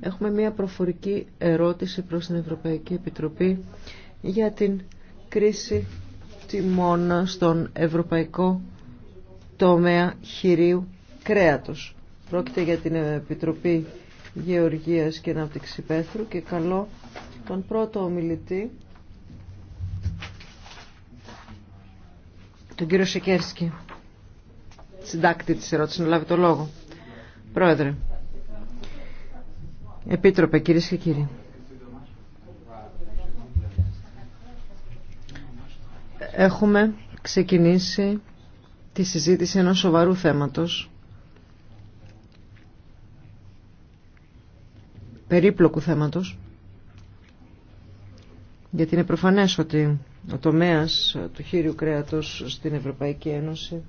Έχουμε μια προφορική ερώτηση προς την Ευρωπαϊκή Επιτροπή για την κρίση τιμών στον ευρωπαϊκό τομέα χειρίου κρέατος. Πρόκειται για την Επιτροπή Γεωργίας και Ανάπτυξη Πέθρου και καλό τον πρώτο ομιλητή, τον κύριο Σεκέρσκι, συντάκτη της ερώτησης, να λάβει το λόγο. Πρόεδρε, Επίτροπε, κυρίε και κύριοι. Έχουμε ξεκινήσει τη συζήτηση ενός σοβαρού θέματος, περίπλοκου θέματος, γιατί είναι προφανές ότι ο τομέας του χείριου κρέατος στην Ευρωπαϊκή Ένωση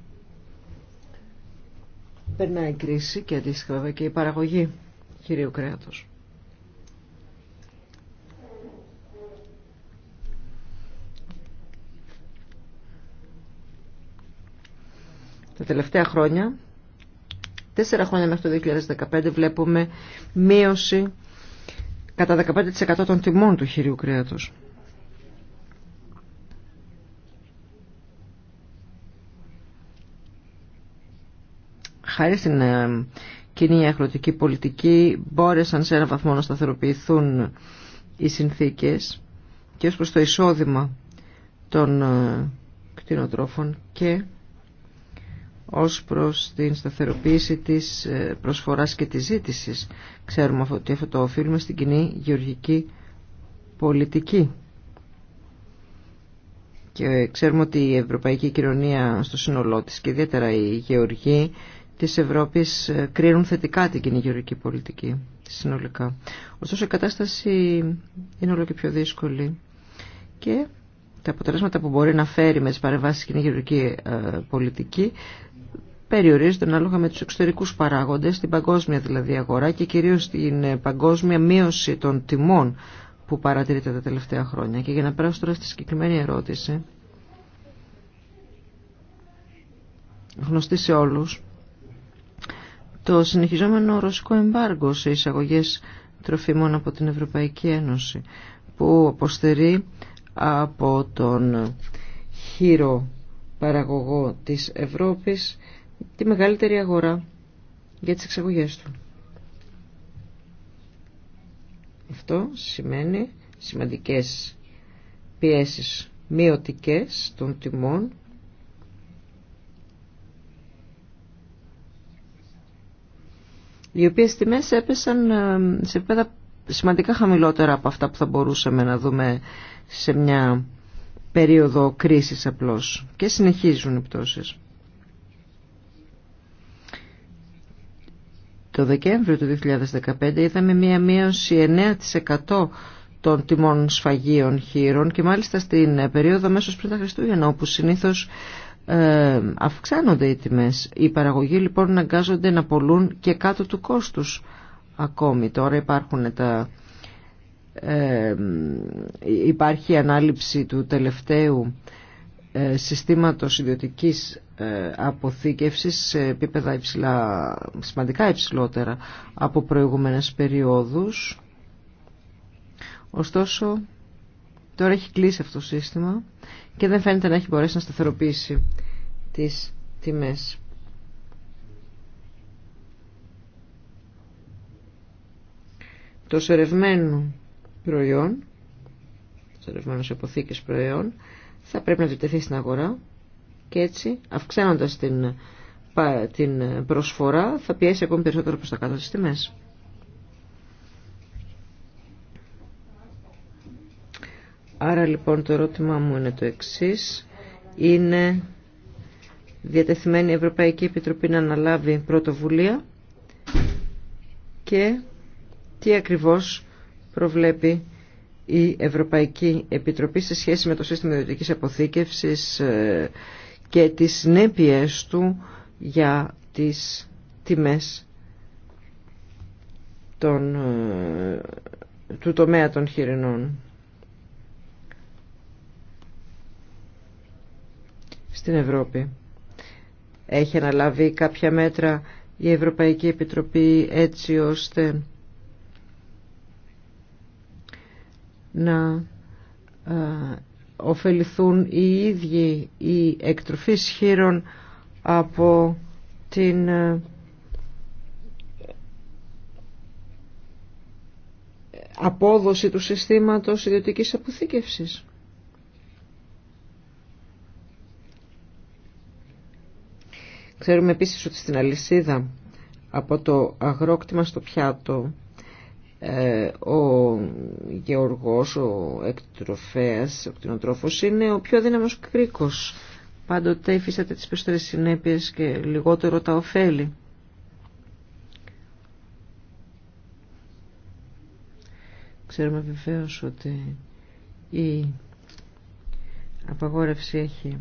περνάει κρίση και αντίστοιχα και η παραγωγή χείριου κρέατος. Τα τελευταία χρόνια, τέσσερα χρόνια μέχρι το 2015, βλέπουμε μείωση κατά 15% των τιμών του χειρίου κρέατος. Χάρη στην ε, κοινή αγροτική πολιτική μπόρεσαν σε ένα βαθμό να σταθεροποιηθούν οι συνθήκες και ως προς το εισόδημα των ε, κτηνοτρόφων και ως προς την σταθεροποίηση της ε, προσφοράς και της ζήτησης. Ξέρουμε ότι αυτό το οφείλουμε στην κοινή γεωργική πολιτική. Και ξέρουμε ότι η ευρωπαϊκή κοινωνία στο σύνολό της και ιδιαίτερα η Γεωργία της Ευρώπης ε, κρίνουν θετικά την κυνηγιορική πολιτική συνολικά. Ωστόσο η κατάσταση είναι όλο και πιο δύσκολη και τα αποτελέσματα που μπορεί να φέρει με τις παρεμβάσεις στην κυνηγιορική ε, πολιτική περιορίζονται ανάλογα με τους εξωτερικούς παράγοντες, την παγκόσμια δηλαδή αγορά και κυρίως την ε, παγκόσμια μείωση των τιμών που παρατηρείται τα τελευταία χρόνια. Και για να περάσω τώρα στη συγκεκριμένη ερώτηση, γνωστή σε όλους, το συνεχιζόμενο ρωσικό εμπάργκο σε εισαγωγές τροφίμων από την Ευρωπαϊκή Ένωση που αποστερεί από τον χείρο παραγωγό της Ευρώπης τη μεγαλύτερη αγορά για τις εξαγωγές του. Αυτό σημαίνει σημαντικές πιέσεις μειωτικές των τιμών οι οποίες τιμές έπεσαν ε, σε επίπεδα σημαντικά χαμηλότερα από αυτά που θα μπορούσαμε να δούμε σε μια περίοδο κρίσης απλώς και συνεχίζουν οι πτώσεις. Το Δεκέμβριο του 2015 είδαμε μια μείωση 9% των τιμών σφαγίων χείρων και μάλιστα στην περίοδο μέσω πριν τα Χριστούγεννα όπου συνήθως ε, αυξάνονται οι τιμές. Οι παραγωγοί λοιπόν αναγκάζονται να πολλούν και κάτω του κόστους ακόμη. Τώρα υπάρχουν τα, ε, υπάρχει η ανάληψη του τελευταίου ε, συστήματος ιδιωτικής αποθήκευσης σε επίπεδα σημαντικά υψηλότερα από προηγούμενες περιόδους. Ωστόσο, τώρα έχει κλείσει αυτό το σύστημα και δεν φαίνεται να έχει μπορέσει να σταθεροποιήσει τις τιμές. Το σερευμένο προϊόν, σερευμένο σε αποθήκες προϊόν, θα πρέπει να διτεθεί στην αγορά και έτσι αυξάνοντας την, την προσφορά θα πιέσει ακόμη περισσότερο προς τα κάτω τιμές. Άρα λοιπόν το ερώτημά μου είναι το εξής. Είναι διατεθειμένη η Ευρωπαϊκή Επιτροπή να αναλάβει πρωτοβουλία και τι ακριβώς προβλέπει η Ευρωπαϊκή Επιτροπή σε σχέση με το σύστημα ιδιωτικής αποθήκευσης ε, και τις νέπιες του για τις τιμές ε, του τομέα των χοιρινών. στην Ευρώπη. Έχει αναλάβει κάποια μέτρα η Ευρωπαϊκή Επιτροπή έτσι ώστε να ε, ωφεληθούν οι ίδιοι οι εκτροφείς χείρων από την ε, απόδοση του συστήματος ιδιωτικής αποθήκευσης. Ξέρουμε επίσης ότι στην αλυσίδα από το αγρόκτημα στο πιάτο ε, ο γεωργός, ο εκτροφέας, ο κτηνοτρόφος είναι ο πιο δύναμος κρίκος. Πάντοτε υφίσταται τις περισσότερες συνέπειες και λιγότερο τα ωφέλη. Ξέρουμε βεβαίως ότι η απαγόρευση έχει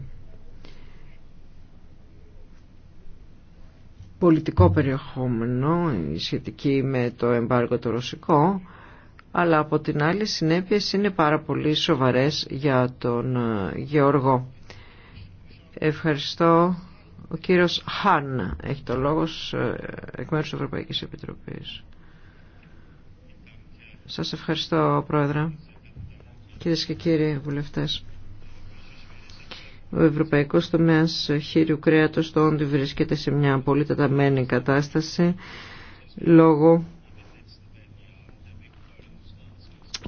πολιτικό περιεχόμενο σχετική με το εμπάργο το ρωσικό αλλά από την άλλη συνέπειες είναι πάρα πολύ σοβαρές για τον ε, Γεωργό. Ευχαριστώ. Ο κύριος Χάν έχει το λόγο ε, εκ μέρους της Ευρωπαϊκής Επιτροπής. Σας ευχαριστώ, Πρόεδρε. Κυρίες και κύριοι βουλευτές. Ο ευρωπαϊκός τομέας χείριου κρέατος στο Όντι βρίσκεται σε μια πολύ τεταμένη κατάσταση λόγω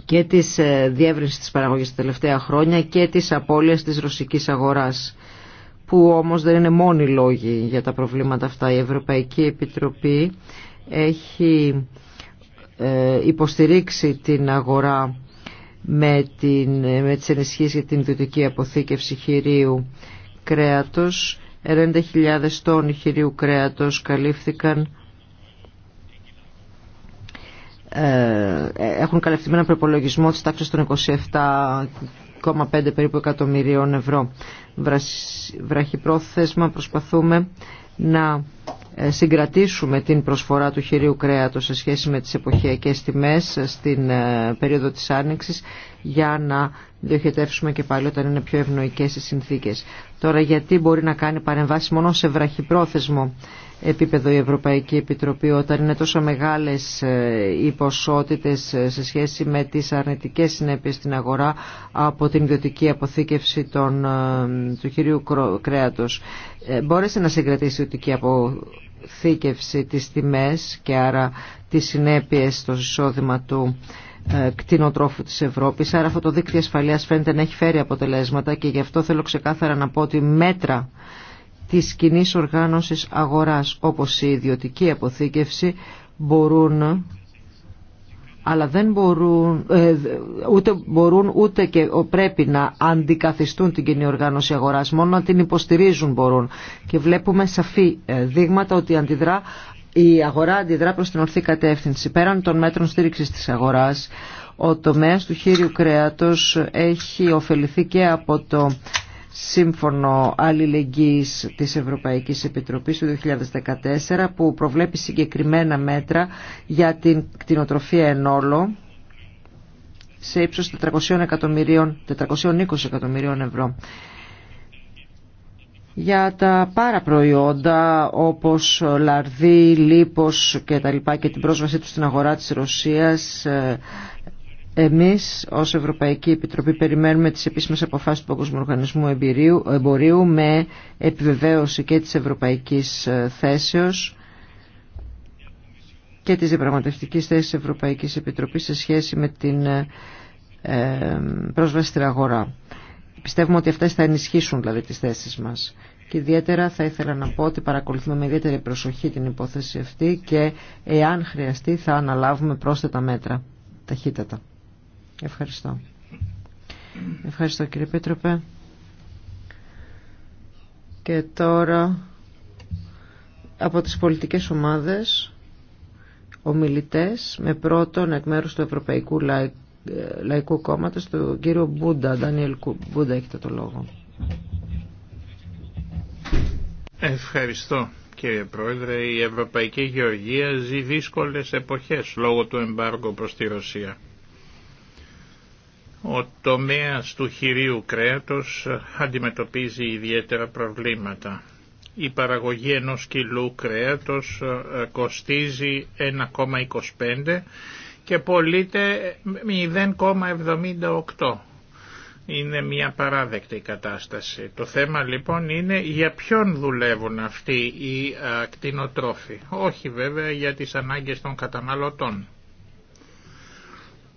και της ε, διεύρυνσης της παραγωγής τα τελευταία χρόνια και της απώλειας της ρωσικής αγοράς που όμως δεν είναι μόνοι λόγοι για τα προβλήματα αυτά. Η Ευρωπαϊκή Επιτροπή έχει ε, υποστηρίξει την αγορά με, την, με τις ενισχύσεις για την ιδιωτική αποθήκευση χειρίου κρέατος. 90.000 τόνοι χειρίου κρέατος καλύφθηκαν ε, έχουν καλυφθεί με έναν προπολογισμό της τάξης των 27,5 περίπου εκατομμυρίων ευρώ. Βραχυπρόθεσμα προσπαθούμε να ε, συγκρατήσουμε την προσφορά του χειρίου κρέατος σε σχέση με τις εποχιακές τιμές στην ε, περίοδο της άνοιξης για να διοχετεύσουμε και πάλι όταν είναι πιο ευνοϊκές οι συνθήκες. Τώρα γιατί μπορεί να κάνει παρεμβάσει μόνο σε βραχυπρόθεσμο επίπεδο η Ευρωπαϊκή Επιτροπή όταν είναι τόσο μεγάλες ε, οι ποσότητες ε, σε σχέση με τις αρνητικές συνέπειες στην αγορά από την ιδιωτική αποθήκευση των, ε, του χειρίου κρέατος. Μπόρεσε να συγκρατήσει η ιδιωτική αποθήκευση τις τιμές και άρα τις συνέπειες στο εισόδημα του κτηνοτρόφου της Ευρώπης. Άρα αυτό το δίκτυο ασφαλείας φαίνεται να έχει φέρει αποτελέσματα και γι' αυτό θέλω ξεκάθαρα να πω ότι μέτρα της κοινή οργάνωσης αγοράς όπως η ιδιωτική αποθήκευση μπορούν αλλά δεν μπορούν, ε, ούτε μπορούν ούτε και πρέπει να αντικαθιστούν την κοινή οργάνωση αγοράς, μόνο να την υποστηρίζουν μπορούν. Και βλέπουμε σαφή ε, δείγματα ότι αντιδρά, η αγορά αντιδρά προς την ορθή κατεύθυνση. Πέραν των μέτρων στήριξης της αγοράς, ο τομέας του χείριου κρέατος έχει ωφεληθεί και από το σύμφωνο αλληλεγγύης της Ευρωπαϊκής Επιτροπής του 2014 που προβλέπει συγκεκριμένα μέτρα για την κτηνοτροφία εν όλο σε ύψος 400 εκατομμυρίων, 420 εκατομμυρίων ευρώ. Για τα πάρα προϊόντα όπως λαρδί, λίπος και τα λοιπά και την πρόσβασή τους στην αγορά της Ρωσίας ε, εμείς ως Ευρωπαϊκή Επιτροπή περιμένουμε τις επίσημες αποφάσεις του Παγκόσμιου Οργανισμού Εμπορίου με επιβεβαίωση και της ευρωπαϊκής ε, θέσεως και της διαπραγματευτικής θέσης της Ευρωπαϊκής Επιτροπής σε σχέση με την ε, ε, πρόσβαση στην αγορά. Πιστεύουμε ότι αυτές θα ενισχύσουν δηλαδή τις θέσεις μας. Και ιδιαίτερα θα ήθελα να πω ότι παρακολουθούμε με ιδιαίτερη προσοχή την υπόθεση αυτή και εάν χρειαστεί θα αναλάβουμε πρόσθετα μέτρα ταχύτατα. Ευχαριστώ. Ευχαριστώ κύριε Πίτροπε. Και τώρα από τις πολιτικές ομάδες ομιλητές με πρώτον εκ μέρους του Ευρωπαϊκού Λαϊκού Κόμματος του κύριο Μπούντα, Ντανιέλ Μπούντα έχετε το λόγο. Ευχαριστώ κύριε Πρόεδρε. Η Ευρωπαϊκή Γεωργία ζει δύσκολες εποχές λόγω του εμπάργου προς τη Ρωσία. Ο τομέας του χειρίου κρέατος αντιμετωπίζει ιδιαίτερα προβλήματα. Η παραγωγή ενός κιλού κρέατος ε, κοστίζει 1,25 και πωλείται 0,78. Είναι μια παράδεκτη κατάσταση. Το θέμα λοιπόν είναι για ποιον δουλεύουν αυτοί οι ε, κτηνοτρόφοι. Όχι βέβαια για τις ανάγκες των καταναλωτών.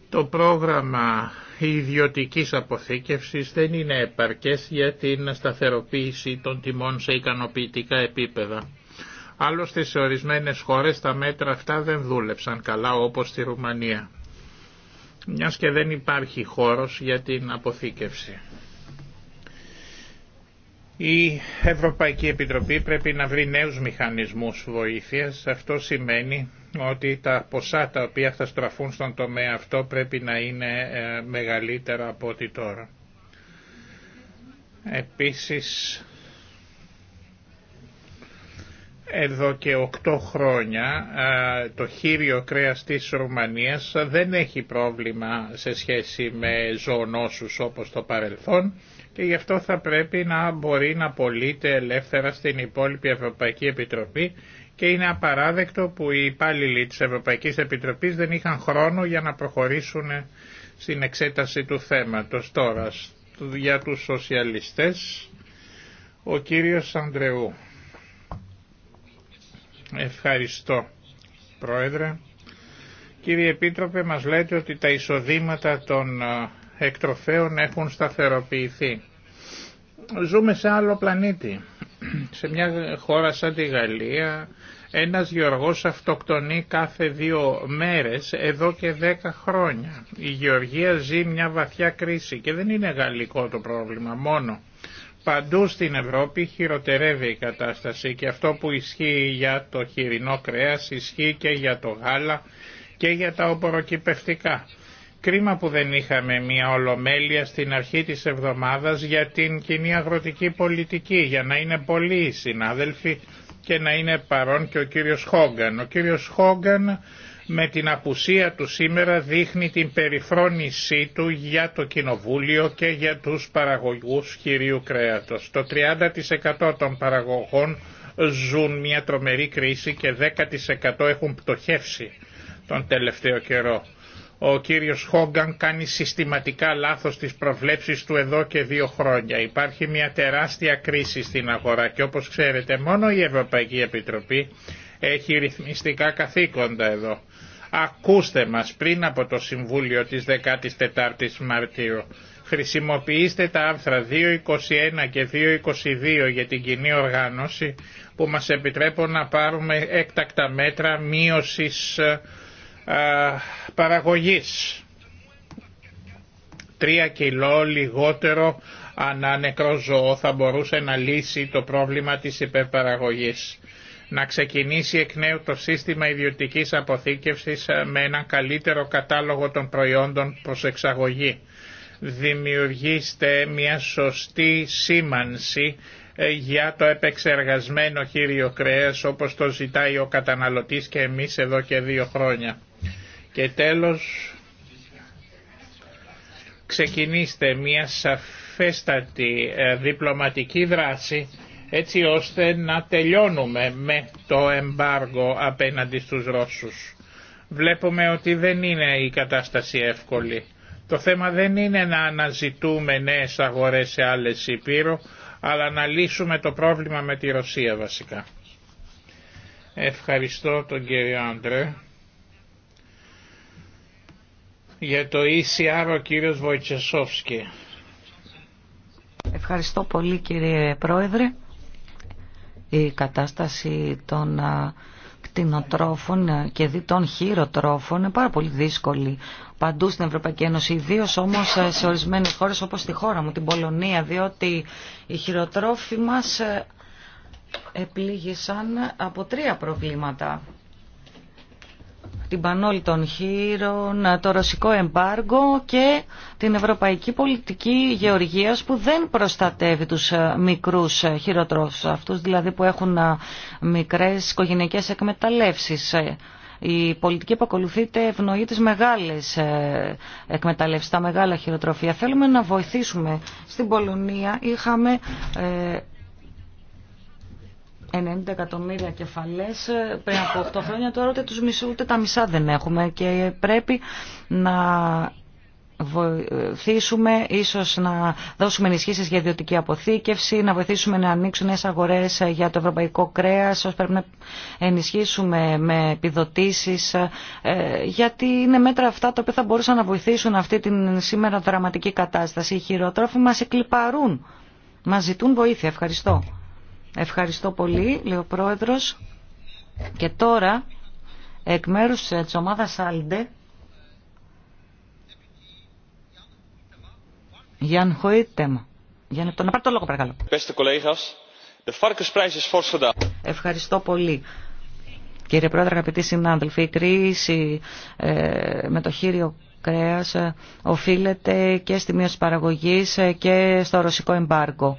Το πρόγραμμα η ιδιωτική αποθήκευση δεν είναι επαρκές για την σταθεροποίηση των τιμών σε ικανοποιητικά επίπεδα. Άλλωστε σε ορισμένες χώρες τα μέτρα αυτά δεν δούλεψαν καλά όπως στη Ρουμανία. Μιας και δεν υπάρχει χώρος για την αποθήκευση. Η Ευρωπαϊκή Επιτροπή πρέπει να βρει νέους μηχανισμούς βοήθειας. Αυτό σημαίνει ότι τα ποσά τα οποία θα στραφούν στον τομέα αυτό πρέπει να είναι ε, μεγαλύτερα από ό,τι τώρα. Επίσης, εδώ και 8 χρόνια ε, το χείριο κρέας της Ρουμανίας δεν έχει πρόβλημα σε σχέση με ζωονόσους όπως το παρελθόν και γι' αυτό θα πρέπει να μπορεί να πωλείται ελεύθερα στην υπόλοιπη Ευρωπαϊκή Επιτροπή και είναι απαράδεκτο που οι υπάλληλοι της Ευρωπαϊκής Επιτροπής δεν είχαν χρόνο για να προχωρήσουν στην εξέταση του θέματος τώρα για τους σοσιαλιστές ο κύριος Ανδρεού. Ευχαριστώ Πρόεδρε. Κύριε Επίτροπε μας λέτε ότι τα εισοδήματα των ε, εκτροφέων έχουν σταθεροποιηθεί. Ζούμε σε άλλο πλανήτη. Σε μια χώρα σαν τη Γαλλία ένας γεωργός αυτοκτονεί κάθε δύο μέρες εδώ και δέκα χρόνια. Η γεωργία ζει μια βαθιά κρίση και δεν είναι γαλλικό το πρόβλημα μόνο. Παντού στην Ευρώπη χειροτερεύει η κατάσταση και αυτό που ισχύει για το χοιρινό κρέας ισχύει και για το γάλα και για τα οποροκυπευτικά. Κρίμα που δεν είχαμε μια ολομέλεια στην αρχή της εβδομάδας για την κοινή αγροτική πολιτική, για να είναι πολλοί οι συνάδελφοι και να είναι παρόν και ο κύριος Χόγκαν. Ο κύριος Χόγκαν με την απουσία του σήμερα δείχνει την περιφρόνησή του για το Κοινοβούλιο και για τους παραγωγούς χειρίου κρέατος. Το 30% των παραγωγών ζουν μια τρομερή κρίση και 10% έχουν πτωχεύσει τον τελευταίο καιρό ο κύριος Χόγκαν κάνει συστηματικά λάθος τις προβλέψεις του εδώ και δύο χρόνια. Υπάρχει μια τεράστια κρίση στην αγορά και όπως ξέρετε μόνο η Ευρωπαϊκή Επιτροπή έχει ρυθμιστικά καθήκοντα εδώ. Ακούστε μας πριν από το Συμβούλιο της 14ης Μαρτίου. Χρησιμοποιήστε τα άρθρα 2.21 και 2.22 για την κοινή οργάνωση που μας επιτρέπουν να πάρουμε έκτακτα μέτρα μείωσης ε, ε, παραγωγής. 3 κιλό λιγότερο ανά νεκρό ζώο θα μπορούσε να λύσει το πρόβλημα της υπερπαραγωγής. Να ξεκινήσει εκ νέου το σύστημα ιδιωτικής αποθήκευσης ε, με έναν καλύτερο κατάλογο των προϊόντων προς εξαγωγή. Δημιουργήστε μια σωστή σήμανση ε, για το επεξεργασμένο χείριο κρέας όπως το ζητάει ο καταναλωτής και εμείς εδώ και δύο χρόνια και τέλος, ξεκινήστε μια σαφέστατη ε, διπλωματική δράση έτσι ώστε να τελειώνουμε με το εμπάργο απέναντι στους Ρώσους. Βλέπουμε ότι δεν είναι η κατάσταση εύκολη. Το θέμα δεν είναι να αναζητούμε νέες αγορές σε άλλες υπήρου, αλλά να λύσουμε το πρόβλημα με τη Ρωσία βασικά. Ευχαριστώ τον κύριο Άντρε. Για το ECR ο κύριος Βοητσεσόφσκι. Ευχαριστώ πολύ κύριε Πρόεδρε. Η κατάσταση των κτηνοτρόφων και των χειροτρόφων είναι πάρα πολύ δύσκολη παντού στην Ευρωπαϊκή Ένωση, ιδίω όμω σε ορισμένες χώρες όπως τη χώρα μου, την Πολωνία, διότι οι χειροτρόφοι μα ε, επλήγησαν από τρία προβλήματα την πανόλη των χείρων, το ρωσικό εμπάργκο και την ευρωπαϊκή πολιτική γεωργίας που δεν προστατεύει τους ε, μικρούς ε, χειροτρόφους αυτούς, δηλαδή που έχουν ε, μικρές οικογενειακές εκμεταλλεύσεις. Η πολιτική που ακολουθείται ευνοεί τις μεγάλες εκμεταλλεύσεις, τα μεγάλα χειροτροφία. Θέλουμε να βοηθήσουμε. Στην Πολωνία είχαμε 90 εκατομμύρια κεφαλές ε, πριν από 8 χρόνια, τώρα ούτε, τους μισού, ούτε τα μισά δεν έχουμε και πρέπει να βοηθήσουμε, ίσως να δώσουμε ενισχύσεις για ιδιωτική αποθήκευση, να βοηθήσουμε να ανοίξουν νέες αγορές ε, για το ευρωπαϊκό κρέας, Όσο πρέπει να ενισχύσουμε με επιδοτήσεις, ε, γιατί είναι μέτρα αυτά τα οποία θα μπορούσαν να βοηθήσουν αυτή την σήμερα δραματική κατάσταση. Οι χειροτρόφοι μας εκλυπαρούν, μας ζητούν βοήθεια. Ευχαριστώ. Ευχαριστώ πολύ, λέει ο Πρόεδρος. Και τώρα, εκ μέρου ε, της ομάδας Άλντε, Γιάν Χοίτεμα. Για να, να πάρει το λόγο, παρακαλώ. Ευχαριστώ πολύ. Κύριε Πρόεδρε, αγαπητοί συνάδελφοι, η κρίση ε, με το χείριο κρέας ε, οφείλεται και στη μείωση παραγωγής και στο ρωσικό εμπάργκο.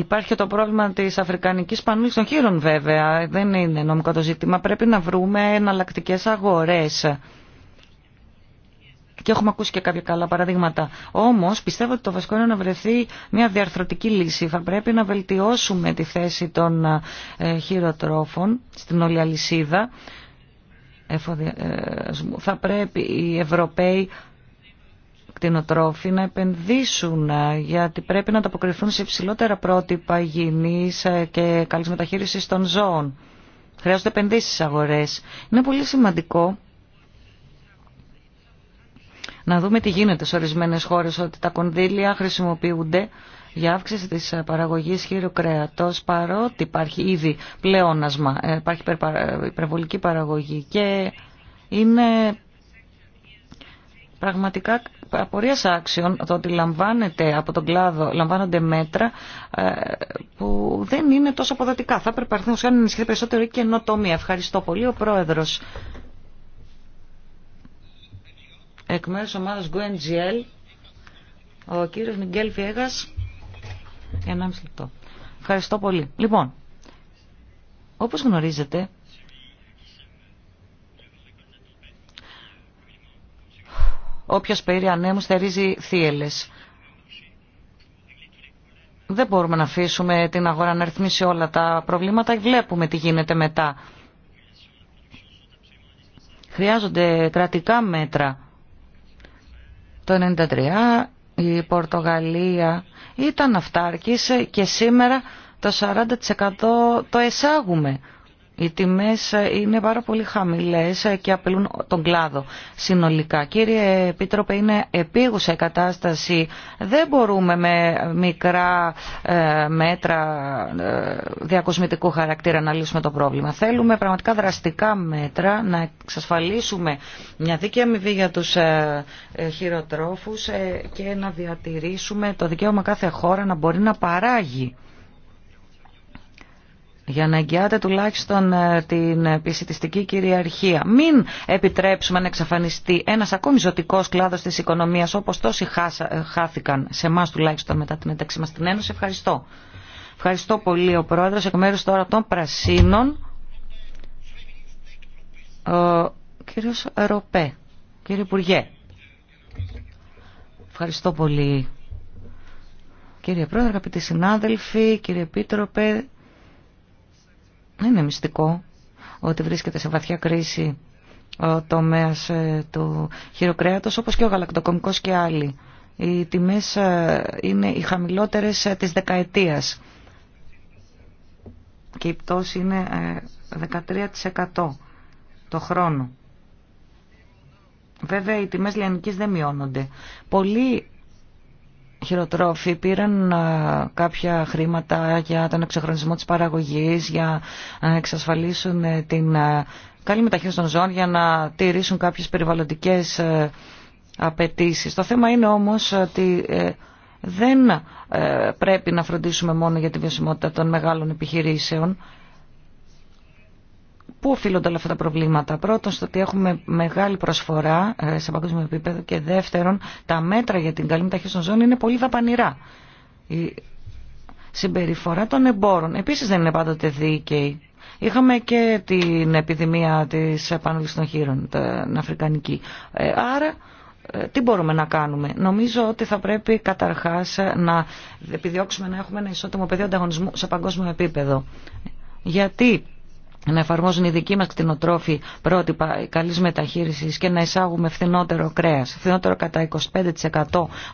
Υπάρχει το πρόβλημα τη Αφρικανική Πανούλη των Χείρων, βέβαια. Δεν είναι νομικό το ζήτημα. Πρέπει να βρούμε εναλλακτικέ αγορέ. Και έχουμε ακούσει και κάποια καλά παραδείγματα. Όμω πιστεύω ότι το βασικό είναι να βρεθεί μια διαρθρωτική λύση. Θα πρέπει να βελτιώσουμε τη θέση των ε, χειροτρόφων στην όλη αλυσίδα. Θα πρέπει οι Ευρωπαίοι να επενδύσουν ε, γιατί πρέπει να ανταποκριθούν σε υψηλότερα πρότυπα υγιεινής ε, και καλής μεταχείρισης των ζώων. Χρειάζονται επενδύσεις στις αγορές. Είναι πολύ σημαντικό να δούμε τι γίνεται σε ορισμένες χώρες ότι τα κονδύλια χρησιμοποιούνται για αύξηση της ε, παραγωγής χείρου κρέατος παρότι υπάρχει ήδη πλεόνασμα, υπάρχει υπερβολική παραγωγή και είναι πραγματικά Απορία άξιων το ότι λαμβάνεται από τον κλάδο, λαμβάνονται μέτρα ε, που δεν είναι τόσο αποδοτικά. Θα πρέπει να ενισχυθεί περισσότερο η καινοτομία. Ευχαριστώ πολύ ο Πρόεδρος. Εκ μέρους ομάδας GUNGL, ο κύριος Μιγγέλ Φιέγας, 1,5 λεπτό. Ευχαριστώ πολύ. Λοιπόν, όπως γνωρίζετε, Όποιο περί ανέμου θερίζει θύελε. Δεν μπορούμε να αφήσουμε την αγορά να ρυθμίσει όλα τα προβλήματα. Βλέπουμε τι γίνεται μετά. Χρειάζονται κρατικά μέτρα. Το 1993 η Πορτογαλία ήταν αυτάρκης και σήμερα το 40% το εσάγουμε. Οι τιμέ είναι πάρα πολύ χαμηλέ και απειλούν τον κλάδο συνολικά. Κύριε Επίτροπε, είναι επίγουσα η κατάσταση. Δεν μπορούμε με μικρά ε, μέτρα ε, διακοσμητικού χαρακτήρα να λύσουμε το πρόβλημα. Θέλουμε πραγματικά δραστικά μέτρα να εξασφαλίσουμε μια δίκαιη αμοιβή για τους ε, χειροτρόφους και να διατηρήσουμε το δικαίωμα κάθε χώρα να μπορεί να παράγει για να εγγυάται τουλάχιστον ε, την επισητιστική κυριαρχία. Μην επιτρέψουμε να εξαφανιστεί ένας ακόμη ζωτικός κλάδος της οικονομίας όπως τόσοι ε, χάθηκαν σε εμά τουλάχιστον μετά την ένταξή μας στην Ένωση. Ευχαριστώ. Ευχαριστώ πολύ ο Πρόεδρος εκ μέρους τώρα των Πρασίνων. Ο κύριος Ροπέ. Κύριε Υπουργέ. Ευχαριστώ πολύ. Κύριε Πρόεδρε, αγαπητοί συνάδελφοι, κύριε πίτροπε. Δεν ναι, είναι μυστικό ότι βρίσκεται σε βαθιά κρίση ο τομέας ε, του χειροκρέατος, όπως και ο γαλακτοκομικός και άλλοι. Οι τιμές ε, είναι οι χαμηλότερες ε, της δεκαετίας και η πτώση είναι 13% το χρόνο. Βέβαια οι τιμές λιανικής δεν μειώνονται. Πολλοί χειροτρόφοι πήραν ε, κάποια χρήματα για τον εξεχρονισμό της παραγωγής, για να εξασφαλίσουν ε, την ε, καλή μεταχείριση των ζώων, για να τηρήσουν κάποιες περιβαλλοντικές απαιτήσεις. Το θέμα είναι όμως ότι δεν πρέπει να φροντίσουμε μόνο για τη βιωσιμότητα των μεγάλων επιχειρήσεων, Πού οφείλονται όλα αυτά τα προβλήματα. Πρώτον, στο ότι έχουμε μεγάλη προσφορά ε, σε παγκόσμιο επίπεδο και δεύτερον, τα μέτρα για την καλή μεταχείριση των ζώων είναι πολύ δαπανηρά. Η συμπεριφορά των εμπόρων επίσης δεν είναι πάντοτε δίκαιη. Είχαμε και την επιδημία της επάνωλης των χείρων, την Αφρικανική. Ε, άρα, ε, τι μπορούμε να κάνουμε. Νομίζω ότι θα πρέπει καταρχάς να επιδιώξουμε να έχουμε ένα ισότιμο πεδίο ανταγωνισμού σε παγκόσμιο επίπεδο. Γιατί να εφαρμόζουν οι δικοί μας κτηνοτρόφοι πρότυπα καλής μεταχείρισης και να εισάγουμε φθηνότερο κρέας, φθηνότερο κατά 25%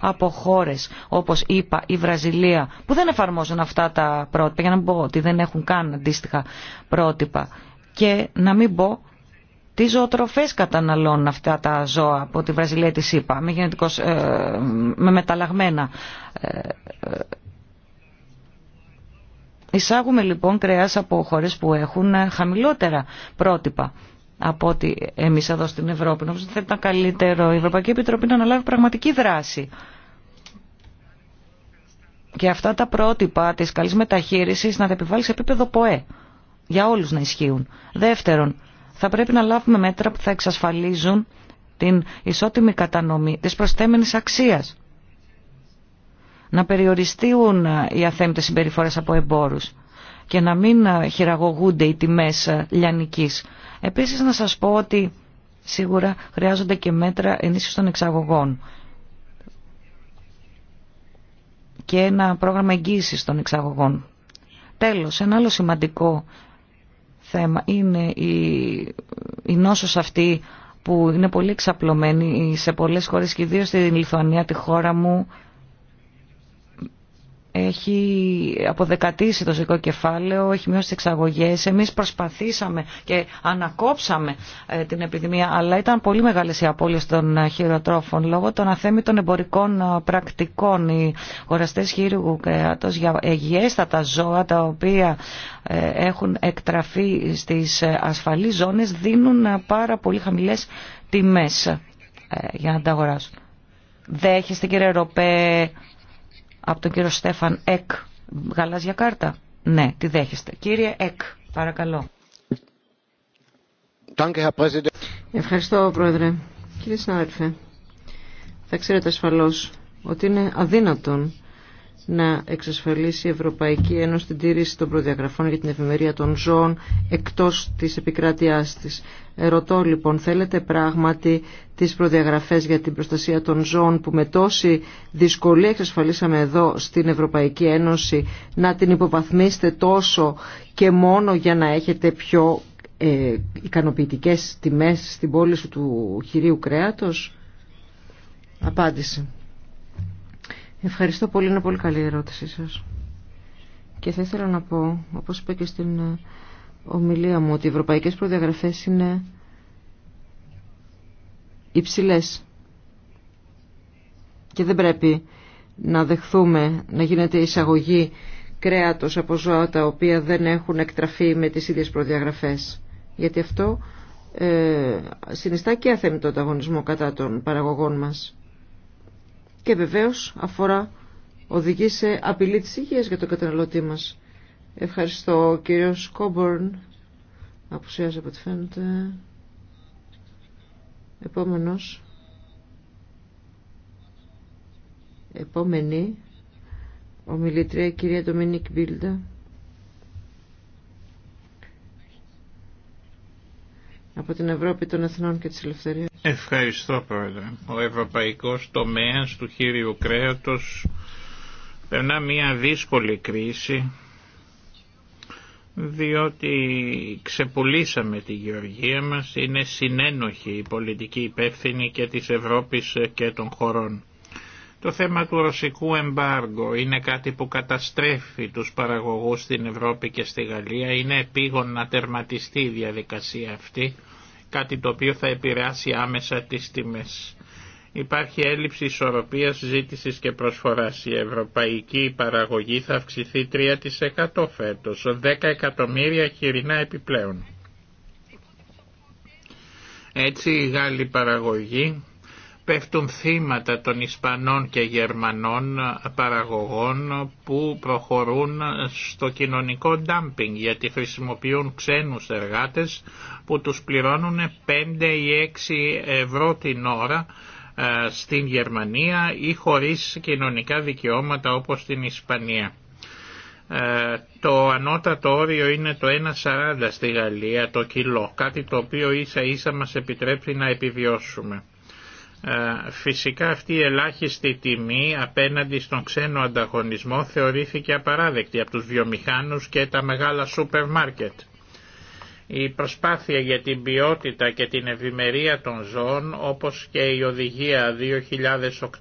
από χώρες όπως είπα η Βραζιλία που δεν εφαρμόζουν αυτά τα πρότυπα για να μην πω ότι δεν έχουν καν αντίστοιχα πρότυπα και να μην πω τι ζωοτροφές καταναλώνουν αυτά τα ζώα από τη Βραζιλία της είπα με, ε, με μεταλλαγμένα ε, ε, Εισάγουμε λοιπόν κρέας από χώρες που έχουν ε, χαμηλότερα πρότυπα από ό,τι εμείς εδώ στην Ευρώπη. Νομίζω ότι θα ήταν καλύτερο η Ευρωπαϊκή Επιτροπή να αναλάβει πραγματική δράση. Και αυτά τα πρότυπα της καλής μεταχείρισης να τα επιβάλλει σε επίπεδο ΠΟΕ. Για όλους να ισχύουν. Δεύτερον, θα πρέπει να λάβουμε μέτρα που θα εξασφαλίζουν την ισότιμη κατανομή της προσθέμενης αξίας να περιοριστούν οι αθέμητες συμπεριφορές από εμπόρους και να μην χειραγωγούνται οι τιμές λιανικής. Επίσης να σας πω ότι σίγουρα χρειάζονται και μέτρα ενίσχυσης των εξαγωγών και ένα πρόγραμμα εγγύησης των εξαγωγών. Τέλος, ένα άλλο σημαντικό θέμα είναι η, η νόσος αυτή που είναι πολύ εξαπλωμένη σε πολλές χώρες και ιδίως στην Λιθουανία, τη χώρα μου, έχει αποδεκατήσει το ζωικό κεφάλαιο, έχει μειώσει τι εξαγωγέ. Εμεί προσπαθήσαμε και ανακόψαμε ε, την επιδημία, αλλά ήταν πολύ μεγάλε οι απώλειε των ε, χειροτρόφων λόγω των αθέμητων εμπορικών ε, πρακτικών. Οι αγοραστέ χείρου κρέατο για υγιέστατα ζώα, τα οποία έχουν εκτραφεί στι ασφαλεί ζώνε, δίνουν πάρα πολύ χαμηλέ τιμέ για να τα αγοράσουν. Δέχεστε κύριε Ροπέ από τον κύριο Στέφαν Εκ. Γαλάζια κάρτα. Ναι, τη δέχεστε. Κύριε Εκ, παρακαλώ. Ευχαριστώ, Πρόεδρε. Κύριε συνάδελφε, θα ξέρετε ασφαλώς ότι είναι αδύνατον να εξασφαλίσει η Ευρωπαϊκή Ένωση την τήρηση των προδιαγραφών για την ευημερία των ζώων εκτός της επικράτειάς της. Ερωτώ λοιπόν, θέλετε πράγματι τις προδιαγραφές για την προστασία των ζώων που με τόση δυσκολία εξασφαλίσαμε εδώ στην Ευρωπαϊκή Ένωση να την υποβαθμίσετε τόσο και μόνο για να έχετε πιο ε, ικανοποιητικές τιμές στην πώληση του χειρίου κρέατος. Απάντηση. Ευχαριστώ πολύ, είναι πολύ καλή η ερώτησή σας. Και θα ήθελα να πω, όπως είπα και στην ε, ομιλία μου, ότι οι ευρωπαϊκές προδιαγραφές είναι υψηλές και δεν πρέπει να δεχθούμε να γίνεται εισαγωγή κρέατος από ζώα τα οποία δεν έχουν εκτραφεί με τις ίδιες προδιαγραφές. Γιατί αυτό ε, συνιστά και αθέμητο ανταγωνισμό κατά των παραγωγών μας και βεβαίως αφορά οδηγεί σε απειλή της υγείας για τον καταναλωτή μας. Ευχαριστώ ο κύριος Κόμπορν. Απουσιάζει από ό,τι φαίνεται. Επόμενος. Επόμενη. Ομιλήτρια κυρία Ντομινίκ Μπίλντα. από την Ευρώπη των Εθνών και της Ελευθερίας. Ευχαριστώ πρόεδρε. Ο ευρωπαϊκός τομέας του χείριου κρέατος περνά μια δύσκολη κρίση διότι ξεπουλήσαμε τη γεωργία μας, είναι συνένοχη η πολιτική υπεύθυνη και της Ευρώπης και των χωρών. Το θέμα του ρωσικού εμπάργου είναι κάτι που καταστρέφει τους παραγωγούς στην Ευρώπη και στη Γαλλία. Είναι επίγον να τερματιστεί η διαδικασία αυτή κάτι το οποίο θα επηρεάσει άμεσα τις τιμές. Υπάρχει έλλειψη ισορροπίας ζήτησης και προσφοράς. Η ευρωπαϊκή παραγωγή θα αυξηθεί 3% φέτος, 10 εκατομμύρια χοιρινά επιπλέον. Έτσι η Γάλλη παραγωγή πέφτουν θύματα των Ισπανών και Γερμανών παραγωγών που προχωρούν στο κοινωνικό ντάμπινγκ γιατί χρησιμοποιούν ξένους εργάτες που τους πληρώνουν 5 ή 6 ευρώ την ώρα ε, στην Γερμανία ή χωρίς κοινωνικά δικαιώματα όπως στην Ισπανία. Ε, το ανώτατο όριο είναι το 1,40 στη Γαλλία το κιλό, κάτι το οποίο ίσα ίσα μας επιτρέπει να επιβιώσουμε. Ε, φυσικά αυτή η ελάχιστη τιμή απέναντι στον ξένο ανταγωνισμό θεωρήθηκε απαράδεκτη από τους βιομηχάνους και τα μεγάλα σούπερ μάρκετ. Η προσπάθεια για την ποιότητα και την ευημερία των ζώων όπως και η Οδηγία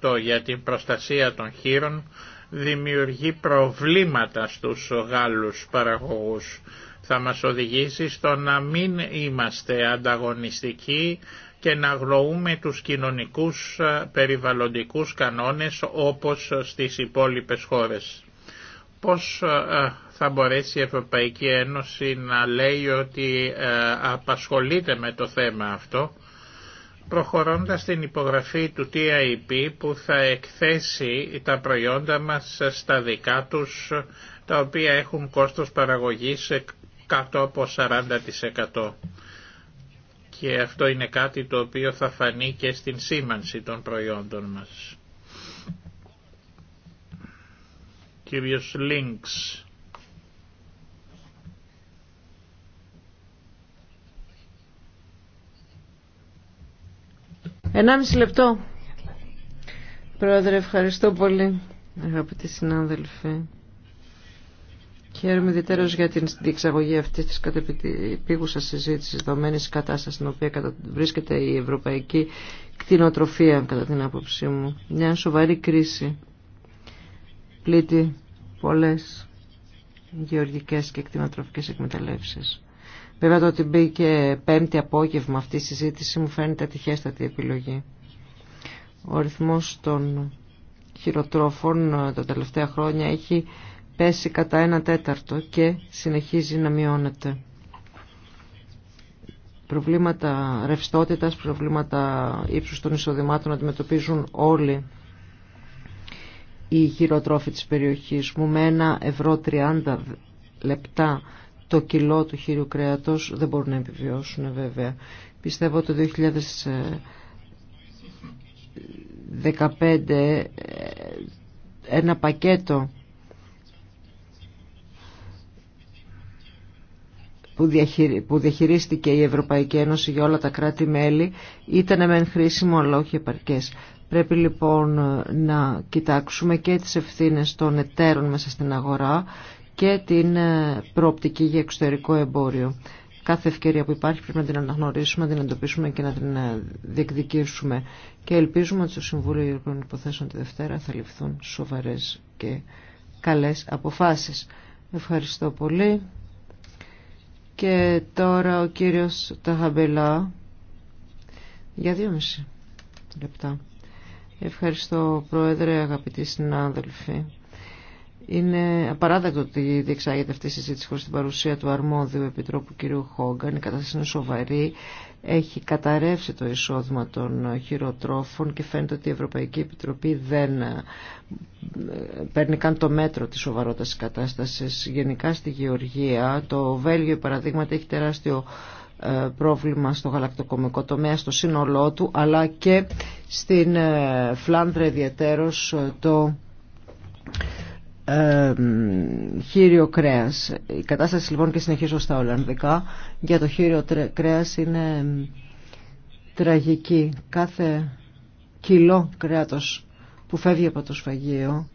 2008 για την προστασία των χείρων δημιουργεί προβλήματα στους Γάλλους παραγωγούς. Θα μας οδηγήσει στο να μην είμαστε ανταγωνιστικοί και να αγνοούμε τους κοινωνικούς ε, περιβαλλοντικούς κανόνες όπως στις υπόλοιπες χώρες. Πώς ε, ε, θα μπορέσει η Ευρωπαϊκή Ένωση να λέει ότι απασχολείται με το θέμα αυτό προχωρώντας την υπογραφή του TIP που θα εκθέσει τα προϊόντα μας στα δικά τους τα οποία έχουν κόστος παραγωγής κάτω από 40% και αυτό είναι κάτι το οποίο θα φανεί και στην σήμανση των προϊόντων μας. Κύριος Λίνξ. Ενάμιση λεπτό. Πρόεδρε, ευχαριστώ πολύ, αγαπητοί συνάδελφοι. Χαίρομαι ιδιαίτερω για την διεξαγωγή αυτή τη κατεπίγουσα συζήτηση, δεδομένη κατάσταση στην οποία βρίσκεται η ευρωπαϊκή κτηνοτροφία, κατά την άποψή μου. Μια σοβαρή κρίση πλήττει πολλέ γεωργικέ και κτηνοτροφικέ εκμεταλλεύσει. Βέβαια το ότι μπήκε πέμπτη απόγευμα αυτή η συζήτηση μου φαίνεται ατυχέστατη επιλογή. Ο ρυθμός των χειροτρόφων ε, τα τελευταία χρόνια έχει πέσει κατά ένα τέταρτο και συνεχίζει να μειώνεται. Προβλήματα ρευστότητας, προβλήματα ύψους των εισοδημάτων αντιμετωπίζουν όλοι οι χειροτρόφοι της περιοχής μου με ένα ευρώ 30 λεπτά το κιλό του χείριου κρέατος δεν μπορούν να επιβιώσουν βέβαια. Πιστεύω το 2015 ένα πακέτο που διαχειρίστηκε η Ευρωπαϊκή Ένωση για όλα τα κράτη-μέλη ήταν μεν χρήσιμο αλλά όχι επαρκές. Πρέπει λοιπόν ε, να κοιτάξουμε και τις ευθύνες των εταίρων μέσα στην αγορά και την ε, πρόπτικη για εξωτερικό εμπόριο. Κάθε ευκαιρία που υπάρχει πρέπει να την αναγνωρίσουμε, να την εντοπίσουμε και να την ε, διεκδικήσουμε. Και ελπίζουμε ότι στο Συμβούλιο Υπουργών Υποθέσεων τη Δευτέρα θα ληφθούν σοβαρές και καλές αποφάσεις. Ευχαριστώ πολύ. Και τώρα ο κύριος Ταχαμπελά για δύο μισή λεπτά. Ευχαριστώ Πρόεδρε, αγαπητοί συνάδελφοι. Είναι απαράδεκτο ότι διεξάγεται αυτή η συζήτηση χωρίς την παρουσία του αρμόδιου επιτρόπου κ. Χόγκαν. Η κατάσταση είναι σοβαρή. Έχει καταρρεύσει το εισόδημα των χειροτρόφων και φαίνεται ότι η Ευρωπαϊκή Επιτροπή δεν ε, παίρνει καν το μέτρο της σοβαρότητας της κατάστασης. Γενικά στη Γεωργία, το Βέλγιο παραδείγματα έχει τεράστιο ε, πρόβλημα στο γαλακτοκομικό τομέα στο σύνολό του αλλά και στην ε, Φλάνδρα ιδιαίτερος το ε, χείριο κρέας. Η κατάσταση λοιπόν και συνεχίζω στα Ολλανδικά για το χείριο κρέας είναι τραγική. Κάθε κιλό κρέατος που φεύγει από το σφαγείο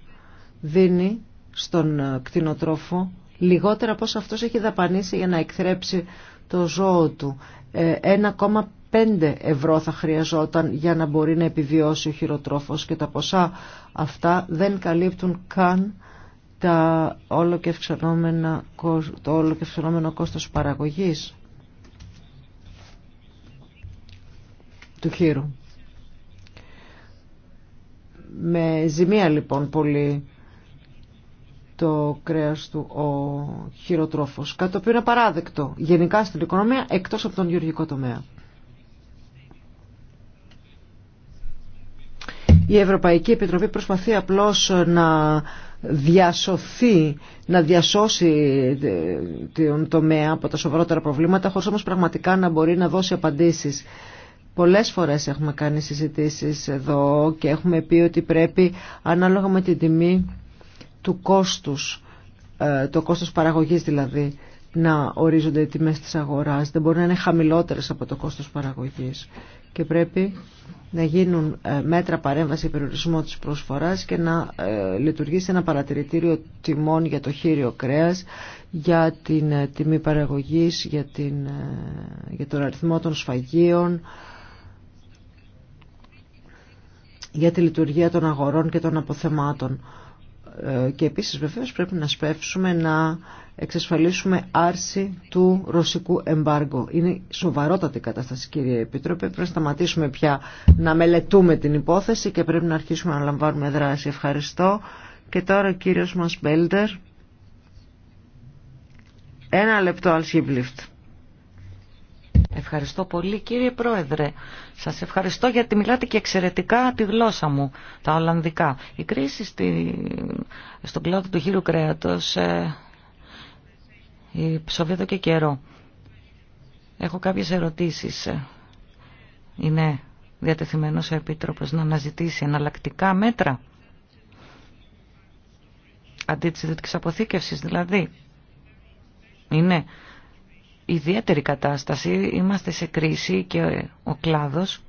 δίνει στον ε, κτηνοτρόφο λιγότερα από αυτός έχει δαπανίσει για να εκθρέψει το ζώο του. 1,5 ε, ευρώ θα χρειαζόταν για να μπορεί να επιβιώσει ο χειροτρόφος και τα ποσά αυτά δεν καλύπτουν καν τα όλο και το όλο και αυξανόμενο κόστος παραγωγής του χείρου. Με ζημία λοιπόν πολύ το κρέας του ο χειροτρόφος, κάτι το οποίο είναι παράδεκτο γενικά στην οικονομία εκτός από τον γεωργικό τομέα. Η Ευρωπαϊκή Επιτροπή προσπαθεί απλώς να διασωθεί, να διασώσει ε, τον τομέα από τα σοβαρότερα προβλήματα, χωρίς όμως πραγματικά να μπορεί να δώσει απαντήσεις. Πολλές φορές έχουμε κάνει συζητήσεις εδώ και έχουμε πει ότι πρέπει ανάλογα με την τιμή του κόστους, ε, το κόστος παραγωγής δηλαδή, να ορίζονται οι τιμές της αγοράς. Δεν μπορεί να είναι χαμηλότερες από το κόστος παραγωγής και πρέπει να γίνουν ε, μέτρα παρέμβαση περιορισμό της προσφοράς και να ε, λειτουργήσει ένα παρατηρητήριο τιμών για το χείριο κρέας, για την ε, τιμή παραγωγής, για, την, για τον αριθμό των σφαγίων, για τη λειτουργία των αγορών και των αποθεμάτων. Ε, και επίσης βεβαίως πρέπει να σπεύσουμε να εξασφαλίσουμε άρση του ρωσικού εμπάργου. Είναι σοβαρότατη η κατάσταση κύριε Επίτροπε. Πρέπει να σταματήσουμε πια να μελετούμε την υπόθεση και πρέπει να αρχίσουμε να λαμβάνουμε δράση. Ευχαριστώ. Και τώρα ο κύριος μας Μπέλτερ. Ένα λεπτό αλσίβλιφτ. Ευχαριστώ πολύ κύριε Πρόεδρε. Σας ευχαριστώ γιατί μιλάτε και εξαιρετικά τη γλώσσα μου, τα Ολλανδικά. Η κρίση στη... στον κλάδο του χείρου κρέατος ε... ψοβεί και καιρό. Έχω κάποιες ερωτήσεις. Είναι διατεθειμένος ο Επίτροπος να αναζητήσει εναλλακτικά μέτρα αντί της ιδιωτικής αποθήκευσης δηλαδή. Είναι ιδιαίτερη κατάσταση. Είμαστε σε κρίση και ο κλάδος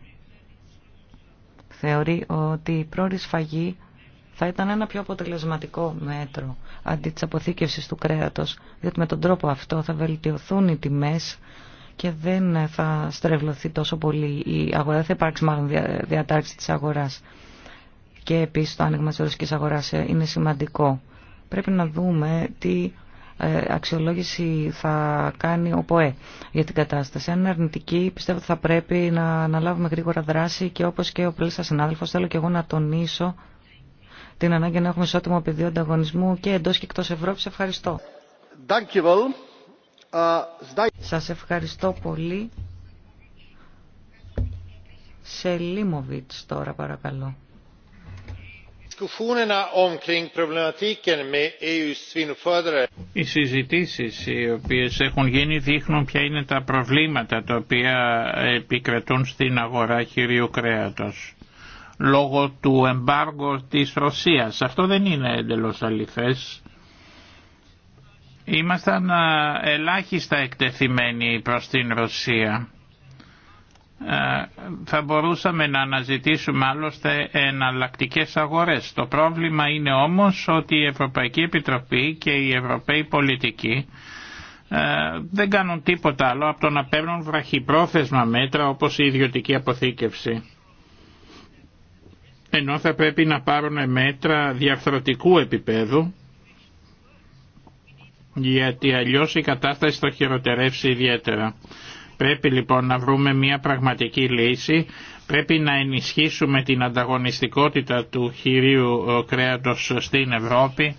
θεωρεί ότι η πρόορη σφαγή θα ήταν ένα πιο αποτελεσματικό μέτρο αντί της αποθήκευσης του κρέατος, διότι με τον τρόπο αυτό θα βελτιωθούν οι τιμές και δεν θα στρεβλωθεί τόσο πολύ η αγορά, δεν θα υπάρξει μάλλον διατάξη της αγοράς. Και επίσης το άνοιγμα της ρωσικής αγοράς είναι σημαντικό. Πρέπει να δούμε τι ε, αξιολόγηση θα κάνει ο ΠΟΕ για την κατάσταση. Αν είναι αρνητική, πιστεύω ότι θα πρέπει να αναλάβουμε γρήγορα δράση και όπως και ο πλήσας συνάδελφος θέλω και εγώ να τονίσω την ανάγκη να έχουμε ισότιμο πεδίο ανταγωνισμού και εντός και εκτός Ευρώπης. Ευχαριστώ. Uh, σας ευχαριστώ πολύ. Σελίμοβιτς τώρα παρακαλώ. Οι συζητήσει οι οποίε έχουν γίνει δείχνουν ποια είναι τα προβλήματα τα οποία επικρατούν στην αγορά χειρίου κρέατος λόγω του εμπάργου της Ρωσίας. Αυτό δεν είναι εντελώς αληθές. Ήμασταν ε, ελάχιστα εκτεθειμένοι προς την Ρωσία ε, θα μπορούσαμε να αναζητήσουμε άλλωστε εναλλακτικέ αγορές. Το πρόβλημα είναι όμως ότι η Ευρωπαϊκή Επιτροπή και οι Ευρωπαίοι πολιτικοί ε, δεν κάνουν τίποτα άλλο από το να παίρνουν βραχυπρόθεσμα μέτρα όπως η ιδιωτική αποθήκευση. Ενώ θα πρέπει να πάρουν μέτρα διαφθρωτικού επίπεδου γιατί αλλιώς η κατάσταση θα χειροτερεύσει ιδιαίτερα. Πρέπει λοιπόν να βρούμε μια πραγματική λύση, πρέπει να ενισχύσουμε την ανταγωνιστικότητα του χειρίου ε, κρέατος στην Ευρώπη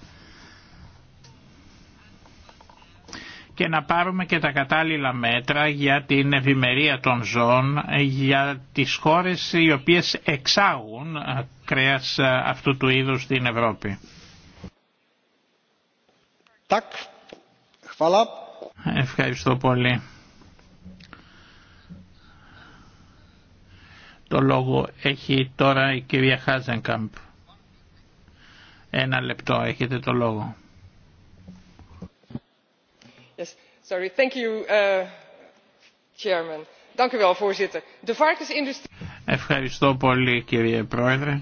και να πάρουμε και τα κατάλληλα μέτρα για την ευημερία των ζώων, για τις χώρες οι οποίες εξάγουν ε, κρέας ε, αυτού του είδους στην Ευρώπη. Ευχαριστώ πολύ. Το λόγο έχει τώρα η κυρία Χάζενκαμπ. Ένα λεπτό, έχετε το λόγο. Yes, sorry. Thank you, uh, chairman. voorzitter. Ευχαριστώ πολύ κύριε Πρόεδρε.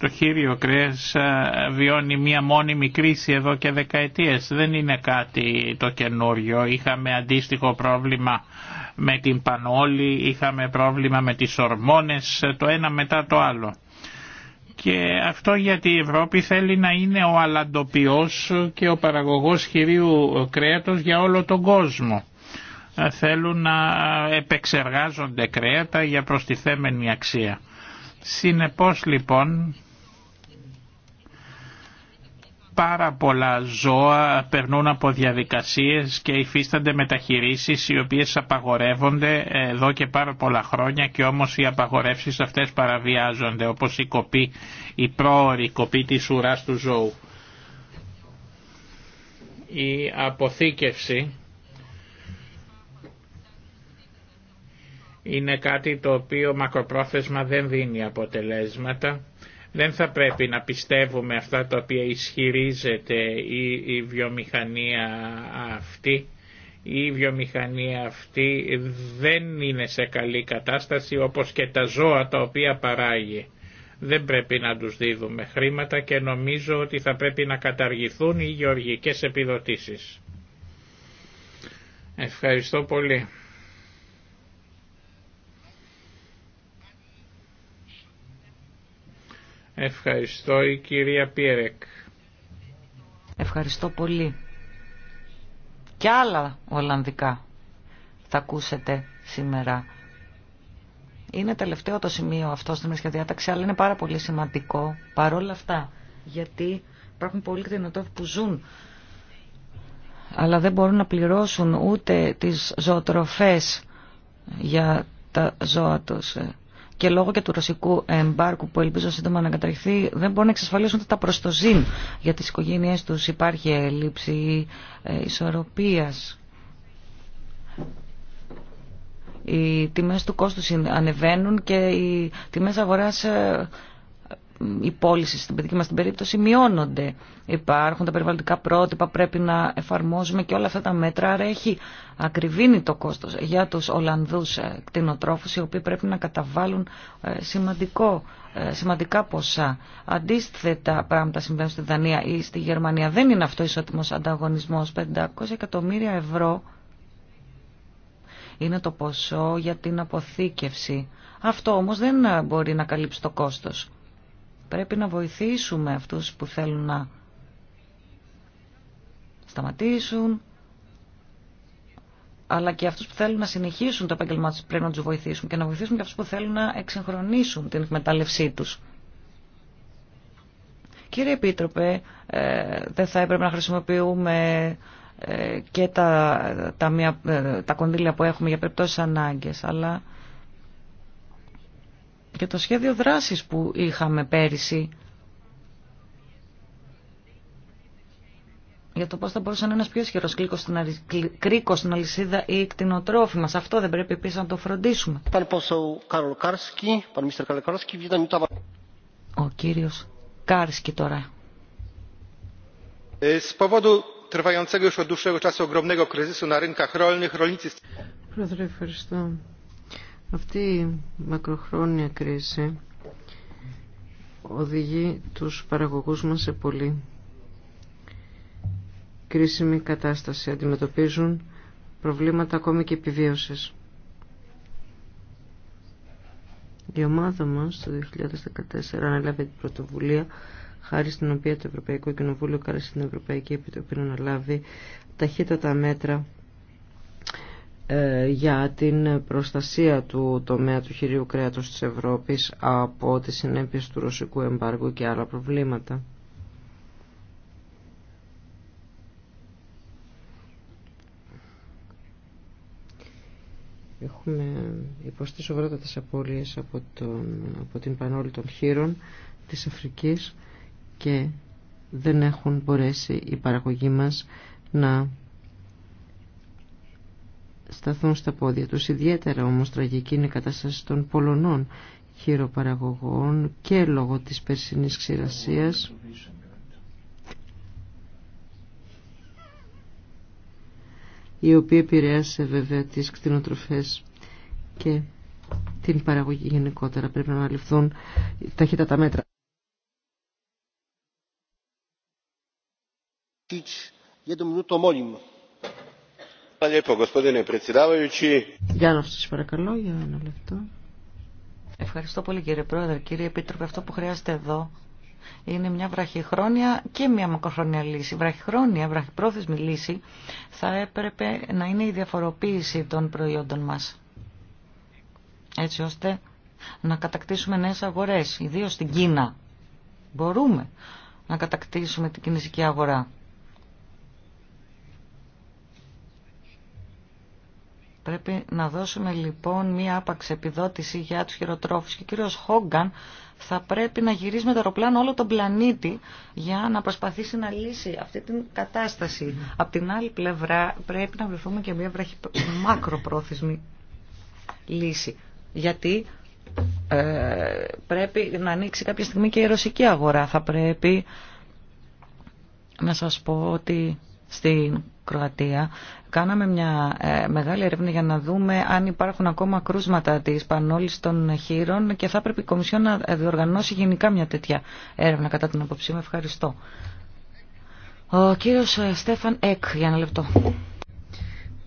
Το χείριο κρέας ε, βιώνει μία μόνιμη κρίση εδώ και δεκαετίες. Δεν είναι κάτι το καινούριο. Είχαμε αντίστοιχο πρόβλημα με την πανόλη, είχαμε πρόβλημα με τις ορμόνες, το ένα μετά το άλλο. Και αυτό γιατί η Ευρώπη θέλει να είναι ο αλαντοποιός και ο παραγωγός χειρίου κρέατος για όλο τον κόσμο. Θέλουν να επεξεργάζονται κρέατα για προστιθέμενη αξία. Συνεπώς λοιπόν πάρα πολλά ζώα περνούν από διαδικασίες και υφίστανται μεταχειρήσεις οι οποίες απαγορεύονται εδώ και πάρα πολλά χρόνια και όμως οι απαγορεύσεις αυτές παραβιάζονται όπως η κοπή, η πρόορη κοπή της ουράς του ζώου. Η αποθήκευση είναι κάτι το οποίο μακροπρόθεσμα δεν δίνει αποτελέσματα δεν θα πρέπει να πιστεύουμε αυτά τα οποία ισχυρίζεται η, η βιομηχανία αυτή. Η βιομηχανία αυτή δεν είναι σε καλή κατάσταση όπως και τα ζώα τα οποία παράγει. Δεν πρέπει να τους δίδουμε χρήματα και νομίζω ότι θα πρέπει να καταργηθούν οι γεωργικές επιδοτήσεις. Ευχαριστώ πολύ. Ευχαριστώ η κυρία Πιερέκ. Ευχαριστώ πολύ. Και άλλα Ολλανδικά θα ακούσετε σήμερα. Είναι τελευταίο το σημείο αυτό στην Μεσχεία Διάταξη, αλλά είναι πάρα πολύ σημαντικό παρόλα αυτά. Γιατί υπάρχουν πολλοί κτηνοτόφοι που ζουν, αλλά δεν μπορούν να πληρώσουν ούτε τις ζωοτροφές για τα ζώα τους και λόγω και του ρωσικού εμπάρκου που ελπίζω σύντομα να καταρριφθεί δεν μπορούν να εξασφαλίσουν τα προστοζήν για τις οικογένειές τους υπάρχει λήψη ε, ισορροπίας. Οι τιμές του κόστους ανεβαίνουν και οι τιμές αγοράς ε, οι πώληση στην παιδική μας την περίπτωση μειώνονται. Υπάρχουν τα περιβαλλοντικά πρότυπα, πρέπει να εφαρμόζουμε και όλα αυτά τα μέτρα. Άρα έχει ακριβήνει το κόστος για τους Ολλανδούς ε, κτηνοτρόφους οι οποίοι πρέπει να καταβάλουν ε, σημαντικό, ε, σημαντικά ποσά. Αντίστοιχα πράγματα συμβαίνουν στη Δανία ή στη Γερμανία. Δεν είναι αυτό ισότιμο ανταγωνισμός. 500 εκατομμύρια ευρώ είναι το ποσό για την αποθήκευση. Αυτό όμως δεν μπορεί να καλύψει το κόστος. Πρέπει να βοηθήσουμε αυτούς που θέλουν να σταματήσουν, αλλά και αυτούς που θέλουν να συνεχίσουν το επαγγελμά τους πρέπει να τους βοηθήσουν και να βοηθήσουν και αυτούς που θέλουν να εξυγχρονίσουν την εκμετάλλευσή τους. Κύριε Επίτροπε, ε, δεν θα έπρεπε να χρησιμοποιούμε ε, και τα, τα, ε, τα κονδύλια που έχουμε για περιπτώσεις ανάγκες, αλλά και το σχέδιο δράσης που είχαμε πέρυσι για το πώς θα μπορούσε να είναι ένας πιο ισχυρός κρίκος στην, αρι... κρίκος στην αλυσίδα ή κτηνοτρόφι μας. Αυτό δεν πρέπει επίσης να το φροντίσουμε. Ο κύριος Κάρσκι τώρα. Ε, Πρόεδρε, ευχαριστώ. Αυτή η μακροχρόνια κρίση οδηγεί τους παραγωγούς μας σε πολύ κρίσιμη κατάσταση. Αντιμετωπίζουν προβλήματα ακόμη και επιβίωσης. Η ομάδα μας το 2014 ανέλαβε την πρωτοβουλία χάρη στην οποία το Ευρωπαϊκό Κοινοβούλιο κάλεσε την Ευρωπαϊκή Επιτροπή να αναλάβει ταχύτατα μέτρα ε, για την προστασία του τομέα του χειρίου κρέατος της Ευρώπης από τις συνέπειες του ρωσικού εμπάργου και άλλα προβλήματα. Έχουμε υποστεί σοβαρότατες απώλειες από, τον, από την πανόλη των χείρων της Αφρικής και δεν έχουν μπορέσει η παραγωγή μας να σταθούν στα πόδια τους. Ιδιαίτερα όμως τραγική είναι η κατάσταση των Πολωνών χειροπαραγωγών και λόγω της περσινής ξηρασίας. η οποία επηρέασε βέβαια τις κτηνοτροφές και την παραγωγή γενικότερα. Πρέπει να αναλυφθούν ταχύτατα μέτρα. Για το Ευχαριστώ πολύ κύριε Πρόεδρε, κύριε Επίτροπε. Αυτό που χρειάζεται εδώ είναι μια βραχυχρόνια και μια μακροχρόνια λύση. Βραχυχρόνια, βραχυπρόθεσμη λύση θα έπρεπε να είναι η διαφοροποίηση των προϊόντων μας. Έτσι ώστε να κατακτήσουμε νέες αγορές, ιδίως στην Κίνα. Μπορούμε να κατακτήσουμε την κινησική αγορά. Πρέπει να δώσουμε λοιπόν μία άπαξ επιδότηση για τους χειροτρόφους και ο κύριος Χόγκαν θα πρέπει να γυρίσει με το αεροπλάνο όλο τον πλανήτη για να προσπαθήσει να λύσει αυτή την κατάσταση. Mm. Απ' την άλλη πλευρά πρέπει να βρεθούμε και μία βραχυ... μακροπρόθεσμη λύση. Γιατί ε, πρέπει να ανοίξει κάποια στιγμή και η ρωσική αγορά. Θα πρέπει να σας πω ότι στην Κροατία κάναμε μια ε, μεγάλη έρευνα για να δούμε αν υπάρχουν ακόμα κρούσματα τη πανόλη των χείρων και θα έπρεπε η Κομισιόν να διοργανώσει γενικά μια τέτοια έρευνα κατά την αποψή μου. Ευχαριστώ. Ο κύριος ε, Στέφαν Εκ για ένα λεπτό.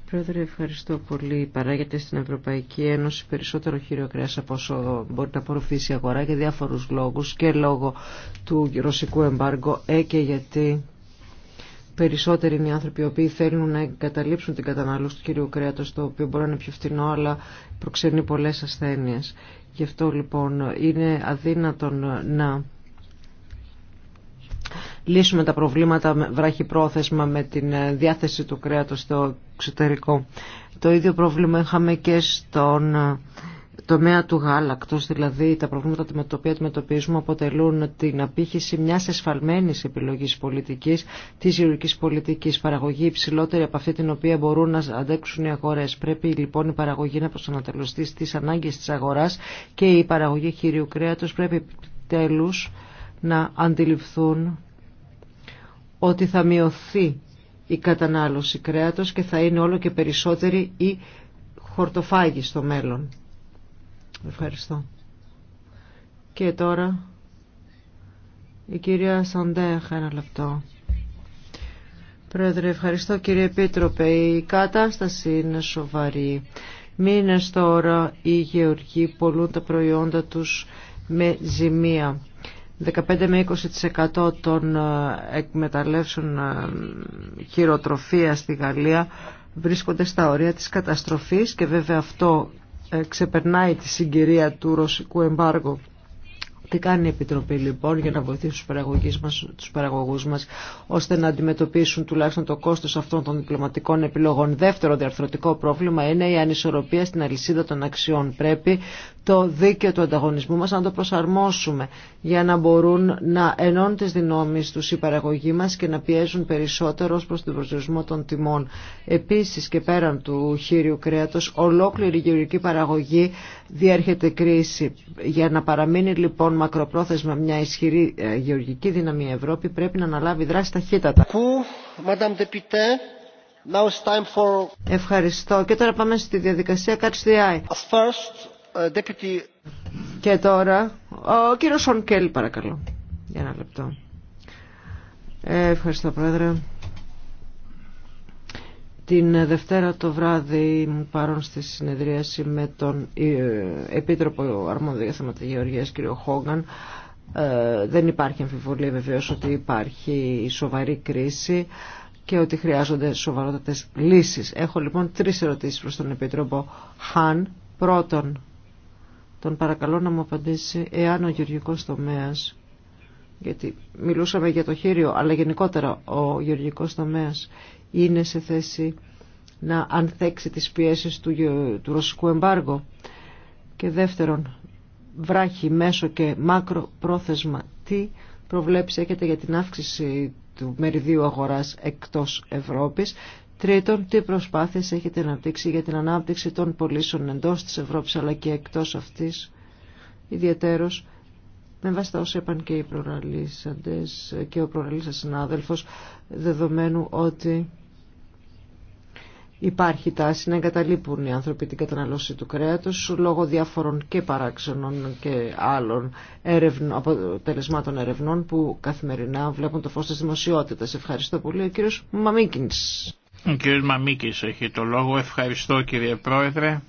Πρόεδρε, ευχαριστώ πολύ. Παράγεται στην Ευρωπαϊκή Ένωση περισσότερο χείριο κρέας από όσο μπορεί να απορροφήσει η αγορά για διάφορου λόγου και λόγω του ρωσικού εμπάργου ε, και γιατί περισσότεροι είναι οι άνθρωποι οι οποίοι θέλουν να εγκαταλείψουν την κατανάλωση του κυρίου κρέατος, το οποίο μπορεί να είναι πιο φθηνό, αλλά προξενεί πολλές ασθένειες. Γι' αυτό λοιπόν είναι αδύνατον να λύσουμε τα προβλήματα βράχη πρόθεσμα με την ε, διάθεση του κρέατος στο εξωτερικό. Το ίδιο πρόβλημα είχαμε και στον ε, τομέα του γάλακτος, δηλαδή τα προβλήματα με τα οποία αντιμετωπίζουμε αποτελούν την απήχηση μιας εσφαλμένης επιλογής πολιτικής, της γεωργικής πολιτικής, παραγωγή υψηλότερη από αυτή την οποία μπορούν να αντέξουν οι αγορές. Πρέπει λοιπόν η παραγωγή να προσανατελωστεί στις ανάγκες της αγοράς και η παραγωγή χειρίου κρέατος πρέπει τέλους να αντιληφθούν ότι θα μειωθεί η κατανάλωση κρέατος και θα είναι όλο και περισσότερη η χορτοφάγη στο μέλλον. Ευχαριστώ. Και τώρα η κυρία Σαντέχα ένα λεπτό. Πρόεδρε, ευχαριστώ κύριε Επίτροπε. Η κατάσταση είναι σοβαρή. Μήνες τώρα οι γεωργοί πολλούν τα προϊόντα τους με ζημία. 15 με 20% των ε, εκμεταλλεύσεων ε, χειροτροφία στη Γαλλία βρίσκονται στα όρια της καταστροφής και βέβαια αυτό ε, ξεπερνάει τη συγκυρία του ρωσικού εμπάργου. Τι κάνει η Επιτροπή λοιπόν για να βοηθήσει τους παραγωγούς, μας, μας ώστε να αντιμετωπίσουν τουλάχιστον το κόστος αυτών των διπλωματικών επιλογών. Δεύτερο διαρθρωτικό πρόβλημα είναι η ανισορροπία στην αλυσίδα των αξιών. Πρέπει το δίκαιο του ανταγωνισμού μας, να το προσαρμόσουμε για να μπορούν να ενώνουν τις δυνόμεις τους η παραγωγή μας και να πιέζουν περισσότερο ως προς τον προσδιορισμό των τιμών. Επίσης και πέραν του χείριου κρέατος, ολόκληρη η γεωργική παραγωγή διέρχεται κρίση. Για να παραμείνει λοιπόν μακροπρόθεσμα μια ισχυρή ε, γεωργική δύναμη η Ευρώπη πρέπει να αναλάβει δράση ταχύτατα. Ευχαριστώ. Και τώρα πάμε στη διαδικασία Catch the Eye. First, ε, και τώρα, ο κύριος Σον παρακαλώ, για ένα λεπτό. Ε, ευχαριστώ Πρόεδρε. Την Δευτέρα το βράδυ μου παρόν στη συνεδρίαση με τον ε, Επίτροπο Αρμόδιο για θέματα Γεωργίας, κύριο Χόγκαν. δεν υπάρχει αμφιβολία βεβαίως ότι υπάρχει σοβαρή κρίση και ότι χρειάζονται σοβαρότατες λύσεις. Έχω λοιπόν τρεις ερωτήσεις προς τον Επίτροπο Χαν. Πρώτον, τον παρακαλώ να μου απαντήσει εάν ο γεωργικός τομέας, γιατί μιλούσαμε για το χείριο, αλλά γενικότερα ο γεωργικός τομέας είναι σε θέση να ανθέξει τις πιέσεις του, του ρωσικού εμπάργου. Και δεύτερον, βράχει μέσο και μάκρο πρόθεσμα. Τι προβλέψει έχετε για την αύξηση του μεριδίου αγοράς εκτός Ευρώπης Τρίτον, τι προσπάθειες έχετε αναπτύξει για την ανάπτυξη των πωλήσεων εντός της Ευρώπης αλλά και εκτός αυτής, ιδιαίτερος με βάση τα όσα είπαν και οι προραλήσαντες και ο προραλήσας συνάδελφος, δεδομένου ότι υπάρχει τάση να εγκαταλείπουν οι άνθρωποι την καταναλώση του κρέατος λόγω διάφορων και παράξενων και άλλων αποτελεσμάτων ερευνών που καθημερινά βλέπουν το φως της δημοσιότητας. Ευχαριστώ πολύ. Ο κύριος Μαμίκινς. Ο κ. Μαμίκης έχει το λόγο. Ευχαριστώ κύριε Πρόεδρε.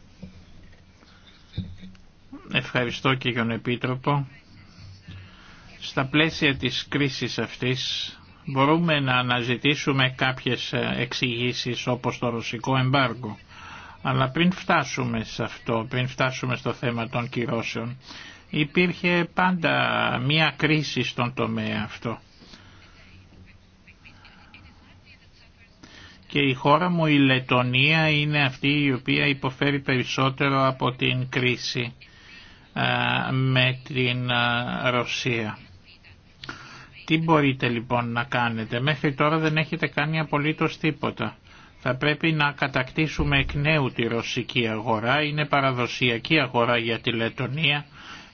Ευχαριστώ και Επίτροπο. Στα πλαίσια της κρίσης αυτής μπορούμε να αναζητήσουμε κάποιες εξηγήσει όπως το ρωσικό εμπάργκο. Αλλά πριν φτάσουμε σε αυτό, πριν φτάσουμε στο θέμα των κυρώσεων, υπήρχε πάντα μία κρίση στον τομέα αυτό. και η χώρα μου η Λετωνία είναι αυτή η οποία υποφέρει περισσότερο από την κρίση με την Ρωσία. Τι μπορείτε λοιπόν να κάνετε. Μέχρι τώρα δεν έχετε κάνει απολύτως τίποτα. Θα πρέπει να κατακτήσουμε εκ νέου τη ρωσική αγορά. Είναι παραδοσιακή αγορά για τη Λετωνία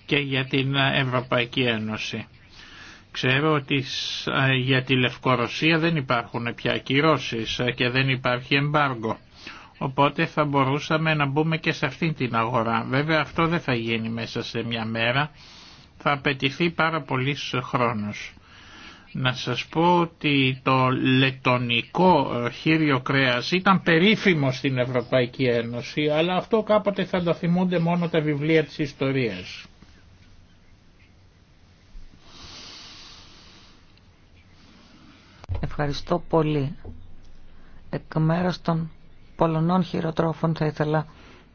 και για την Ευρωπαϊκή Ένωση. Ξέρω ότι για τη Λευκορωσία δεν υπάρχουν πια ακυρώσεις και δεν υπάρχει εμπάργκο. Οπότε θα μπορούσαμε να μπούμε και σε αυτήν την αγορά. Βέβαια αυτό δεν θα γίνει μέσα σε μια μέρα. Θα απαιτηθεί πάρα πολύς χρόνος. Να σας πω ότι το λετονικό ε, χείριο κρέας ήταν περίφημο στην Ευρωπαϊκή Ένωση, αλλά αυτό κάποτε θα το θυμούνται μόνο τα βιβλία της ιστορίας. Ευχαριστώ πολύ. Εκ μέρους των Πολωνών χειροτρόφων θα ήθελα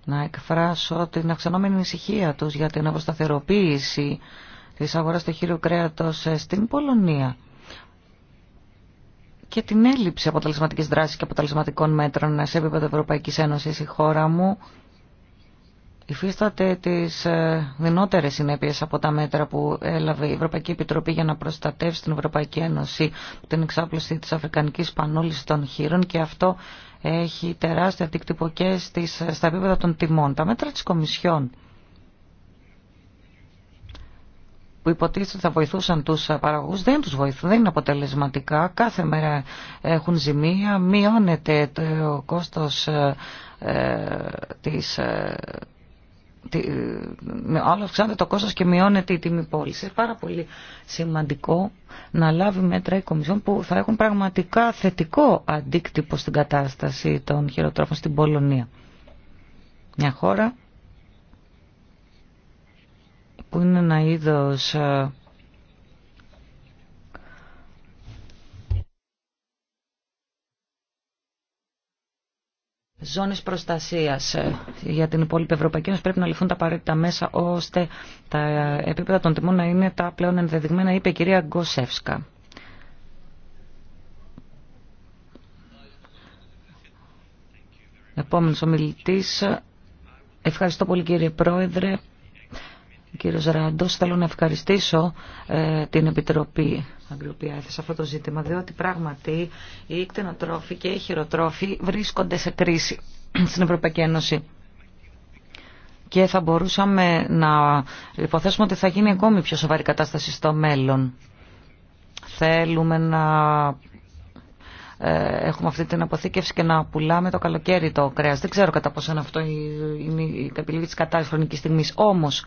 να εκφράσω την αυξανόμενη ησυχία τους για την αποσταθεροποίηση της αγοράς του χείρου ε, στην Πολωνία και την έλλειψη αποτελεσματικής δράσης και αποτελεσματικών μέτρων ε, σε επίπεδο Ευρωπαϊκής Ένωσης η χώρα μου υφίσταται τις ε, δυνότερες συνέπειες από τα μέτρα που έλαβε η Ευρωπαϊκή Επιτροπή για να προστατεύσει την Ευρωπαϊκή Ένωση την εξάπλωση της Αφρικανικής Πανόλης των Χείρων και αυτό έχει τεράστια αντίκτυπο στα επίπεδα των τιμών. Τα μέτρα της Κομισιόν που υποτίθεται θα βοηθούσαν τους παραγωγούς δεν τους βοηθούν, δεν είναι αποτελεσματικά. Κάθε μέρα έχουν ζημία, μειώνεται ο κόστος ε, ε της ε, όλο αυξάνεται το κόστος και μειώνεται η τιμή πώληση. Είναι πάρα πολύ σημαντικό να λάβει μέτρα η Κομισιόν που θα έχουν πραγματικά θετικό αντίκτυπο στην κατάσταση των χειροτρόφων στην Πολωνία. Μια χώρα που είναι ένα είδος ε, Ζώνε προστασία ε, για την υπόλοιπη Ευρωπαϊκή Ένωση πρέπει να ληφθούν τα απαραίτητα μέσα ώστε τα επίπεδα των τιμών να είναι τα πλέον ενδεδειγμένα, είπε η κυρία Γκοσεύσκα. Επόμενος ομιλητής. Ευχαριστώ πολύ κύριε Πρόεδρε. Κύριο Ράντος, θέλω να ευχαριστήσω την Επιτροπή Αγγλουπία σε αυτό το ζήτημα, διότι πράγματι οι εκτενοτρόφοι και οι χειροτρόφοι βρίσκονται σε κρίση στην Ευρωπαϊκή Ένωση. Και θα μπορούσαμε να υποθέσουμε ότι θα γίνει ακόμη πιο σοβαρή κατάσταση στο μέλλον. Θέλουμε να έχουμε αυτή την αποθήκευση και να πουλάμε το καλοκαίρι το κρέας. Δεν ξέρω κατά πόσο είναι αυτό η επιλογή της κατάλληλης χρονικής στιγμής. Όμως,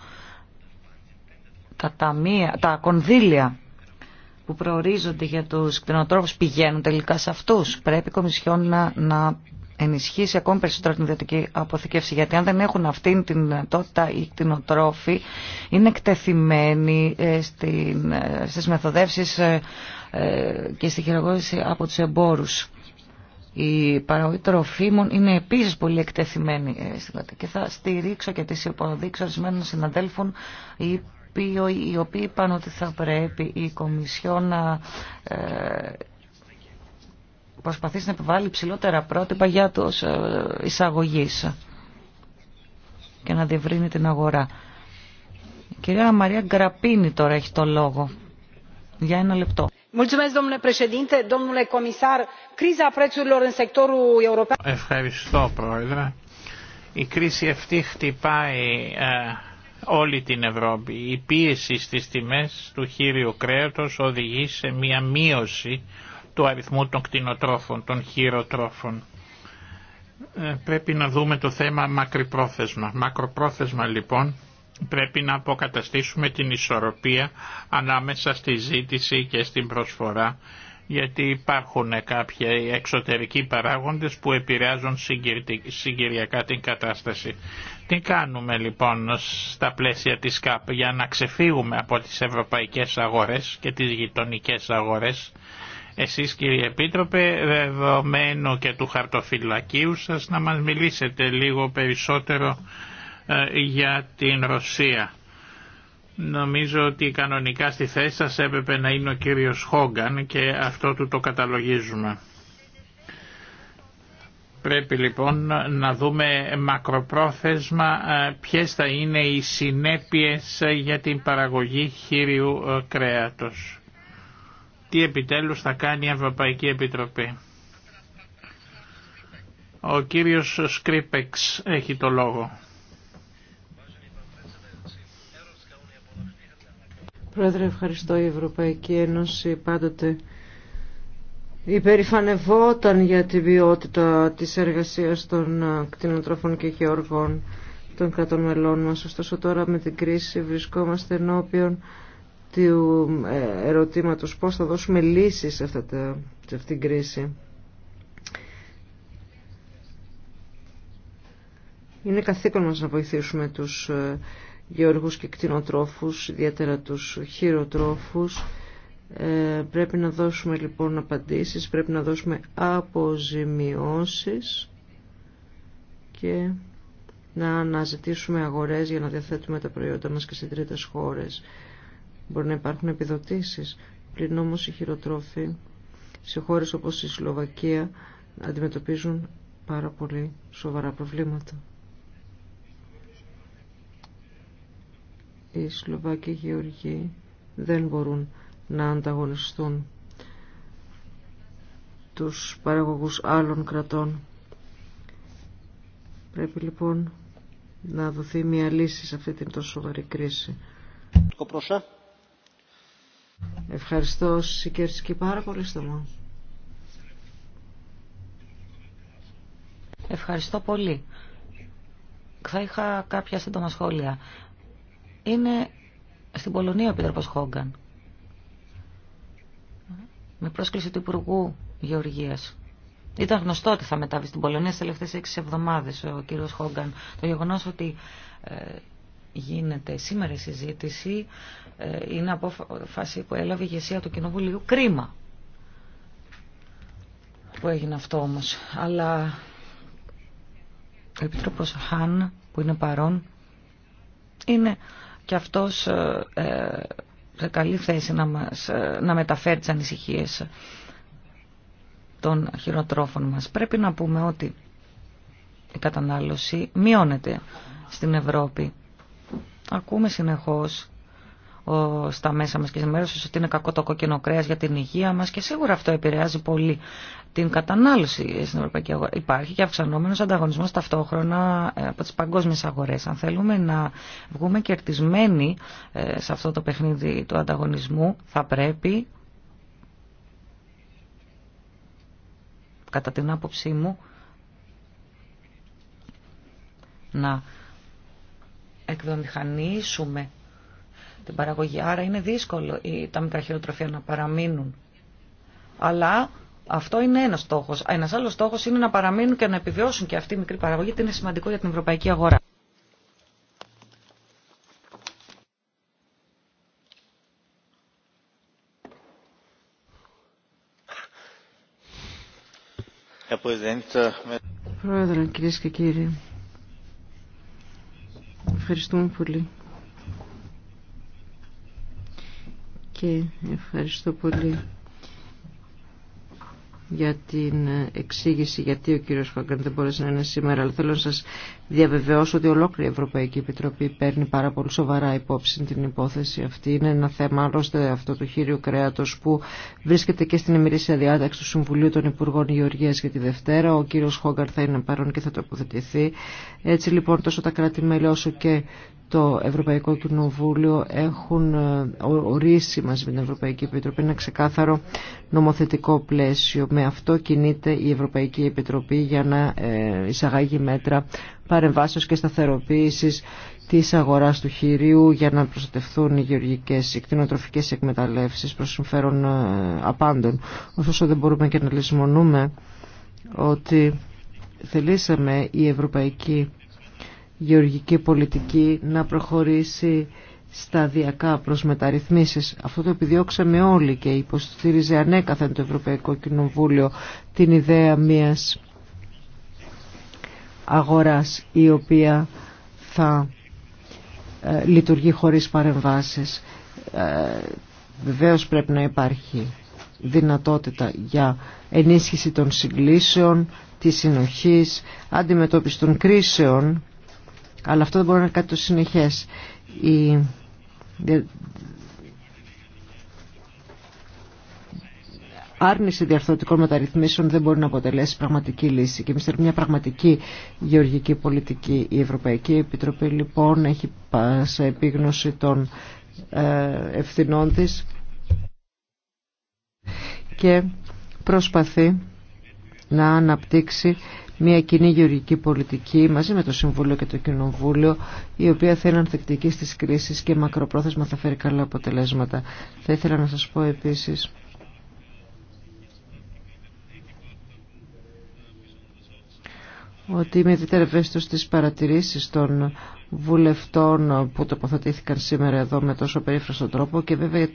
τα, τα κονδύλια που προορίζονται για τους κτηνοτρόφους πηγαίνουν τελικά σε αυτούς. Πρέπει η Κομισιόν να, να ενισχύσει ακόμη περισσότερο την ιδιωτική αποθηκεύση. Γιατί αν δεν έχουν αυτήν την δυνατότητα οι κτηνοτρόφοι, είναι εκτεθειμένοι ε, στην, ε, στις μεθοδεύσεις ε, και στη χειραγώγηση από τους εμπόρους. Η παραγωγή τροφίμων είναι επίσης πολύ εκτεθειμένη και θα στηρίξω και τις υποδείξει ορισμένων ή οι οποίοι είπαν ότι θα πρέπει η Κομισιό να ε, προσπαθήσει να επιβάλλει ψηλότερα πρότυπα για τους ε, εισαγωγείς και να διευρύνει την αγορά. Η κυρία Μαρία Γκραπίνη τώρα έχει το λόγο. Για ένα λεπτό. Ευχαριστώ, Πρόεδρε. Η κρίση αυτή χτυπάει ε, όλη την Ευρώπη. Η πίεση στις τιμές του χείριου κρέατος οδηγεί σε μία μείωση του αριθμού των κτηνοτρόφων, των χειροτρόφων. Ε, πρέπει να δούμε το θέμα μακροπρόθεσμα. Μακροπρόθεσμα λοιπόν πρέπει να αποκαταστήσουμε την ισορροπία ανάμεσα στη ζήτηση και στην προσφορά γιατί υπάρχουν κάποιοι εξωτερικοί παράγοντες που επηρεάζουν συγκυριακά την κατάσταση. Τι κάνουμε λοιπόν στα πλαίσια της ΚΑΠ για να ξεφύγουμε από τις ευρωπαϊκές αγορές και τις γειτονικές αγορές. Εσείς κύριε Επίτροπε, δεδομένου και του χαρτοφυλακίου σας, να μας μιλήσετε λίγο περισσότερο ε, για την Ρωσία Νομίζω ότι κανονικά στη θέση σας έπρεπε να είναι ο κύριος Χόγκαν και αυτό του το καταλογίζουμε. Πρέπει λοιπόν να δούμε μακροπρόθεσμα ε, ποιες θα είναι οι συνέπειες για την παραγωγή χείριου ε, κρέατος. Τι επιτέλους θα κάνει η Ευρωπαϊκή Επιτροπή. Ο κύριος Σκρίπεξ έχει το λόγο. Πρόεδρε, ευχαριστώ. Η Ευρωπαϊκή Ένωση πάντοτε υπερηφανευόταν για την ποιότητα της εργασίας των ε, κτηνοτρόφων και χειοργών των κρατών μελών μας. Ωστόσο τώρα με την κρίση βρισκόμαστε ενώπιον του ε, ερωτήματος πώς θα δώσουμε λύσεις σε, αυτή την κρίση. Είναι καθήκον μας να βοηθήσουμε τους ε, γεωργούς και κτηνοτρόφους, ιδιαίτερα τους χειροτρόφους. Ε, πρέπει να δώσουμε λοιπόν απαντήσεις, πρέπει να δώσουμε αποζημιώσεις και να αναζητήσουμε αγορές για να διαθέτουμε τα προϊόντα μας και σε τρίτες χώρες. Μπορεί να υπάρχουν επιδοτήσεις, πλην όμως οι χειροτρόφοι σε χώρες όπως η Σλοβακία αντιμετωπίζουν πάρα πολύ σοβαρά προβλήματα. οι Σλοβάκοι Γεωργοί δεν μπορούν να ανταγωνιστούν τους παραγωγούς άλλων κρατών. Πρέπει λοιπόν να δοθεί μια λύση σε αυτή την τόσο σοβαρή κρίση. Ευχαριστώ Σικέρσκη πάρα πολύ στομό. Ευχαριστώ πολύ. Θα είχα κάποια σύντομα σχόλια είναι στην Πολωνία ο Επίτροπος Χόγκαν. Με πρόσκληση του Υπουργού Γεωργίας. Ήταν γνωστό ότι θα μετάβει στην Πολωνία σε τελευταίες έξι εβδομάδες ο κύριος Χόγκαν. Το γεγονός ότι ε, γίνεται σήμερα η συζήτηση ε, είναι φάση που έλαβε η ηγεσία του Κοινοβουλίου. Κρίμα που έγινε αυτό όμως. Αλλά ο Επίτροπος Χάν που είναι παρόν είναι και αυτός ε, ε, σε καλή θέση να, μας, ε, να μεταφέρει τις ανησυχίες των χειροτρόφων μας. Πρέπει να πούμε ότι η κατανάλωση μειώνεται στην Ευρώπη. Ακούμε συνεχώς στα μέσα μας και ενημέρωση ότι είναι κακό το κόκκινο κρέας για την υγεία μας και σίγουρα αυτό επηρεάζει πολύ την κατανάλωση στην Ευρωπαϊκή Αγορά. Υπάρχει και αυξανόμενος ανταγωνισμός ταυτόχρονα ε, από τις παγκόσμιες αγορές. Αν θέλουμε να βγούμε κερδισμένοι ε, σε αυτό το παιχνίδι του ανταγωνισμού θα πρέπει κατά την άποψή μου να εκδομηχανίσουμε την παραγωγή. Άρα είναι δύσκολο τα μικρά χειροτροφία να παραμείνουν. Αλλά αυτό είναι ένα στόχο. Ένα άλλο στόχο είναι να παραμείνουν και να επιβιώσουν και αυτή η μικρή παραγωγή γιατί είναι σημαντικό για την ευρωπαϊκή αγορά. Äh, Πρόεδρε, κυρίε και κύριοι, ευχαριστούμε πολύ. και ευχαριστώ πολύ για την εξήγηση γιατί ο κύριος Φαγκάν δεν μπορέσε να είναι σήμερα αλλά θέλω να σας διαβεβαιώσω ότι ολόκληρη η Ευρωπαϊκή Επιτροπή παίρνει πάρα πολύ σοβαρά υπόψη την υπόθεση αυτή. Είναι ένα θέμα άλλωστε αυτό το χείριο Κρέατο που βρίσκεται και στην ημερήσια διάταξη του Συμβουλίου των Υπουργών Γεωργίας για τη Δευτέρα. Ο κύριο Χόγκαρ θα είναι παρόν και θα τοποθετηθεί. Έτσι λοιπόν τόσο τα κράτη-μέλη όσο και το Ευρωπαϊκό Κοινοβούλιο έχουν ε, ορίσει μαζί με την Ευρωπαϊκή Επιτροπή ένα ξεκάθαρο νομοθετικό πλαίσιο. Με αυτό κινείται η Ευρωπαϊκή Επιτροπή για να ε, εισαγάγει μέτρα παρεμβάσεως και σταθεροποίησης της αγοράς του χειρίου για να προστατευθούν οι γεωργικές, οι κτηνοτροφικές εκμεταλλεύσεις προς συμφέρον ε, απάντων. Ωστόσο δεν μπορούμε και να λησμονούμε ότι θελήσαμε η ευρωπαϊκή γεωργική πολιτική να προχωρήσει σταδιακά προς μεταρρυθμίσεις. Αυτό το επιδιώξαμε όλοι και υποστήριζε ανέκαθεν το Ευρωπαϊκό Κοινοβούλιο την ιδέα μιας αγοράς η οποία θα ε, λειτουργεί χωρίς παρεμβάσεις. Ε, βεβαίως πρέπει να υπάρχει δυνατότητα για ενίσχυση των συγκλήσεων, της συνοχής, αντιμετώπιση των κρίσεων, αλλά αυτό δεν μπορεί να είναι κάτι το συνεχές. άρνηση διαρθρωτικών μεταρρυθμίσεων δεν μπορεί να αποτελέσει πραγματική λύση. Και εμεί θέλουμε μια πραγματική γεωργική πολιτική. Η Ευρωπαϊκή Επιτροπή λοιπόν έχει σε επίγνωση των ε, ευθυνών τη και προσπαθεί να αναπτύξει μια κοινή γεωργική πολιτική μαζί με το Συμβούλιο και το Κοινοβούλιο η οποία θα είναι ανθεκτική στις κρίσεις και μακροπρόθεσμα θα φέρει καλά αποτελέσματα. Θα ήθελα να σας πω επίσης ότι είμαι στις παρατηρήσεις των βουλευτών που τοποθετήθηκαν σήμερα εδώ με τόσο περίφραστο τρόπο και βέβαια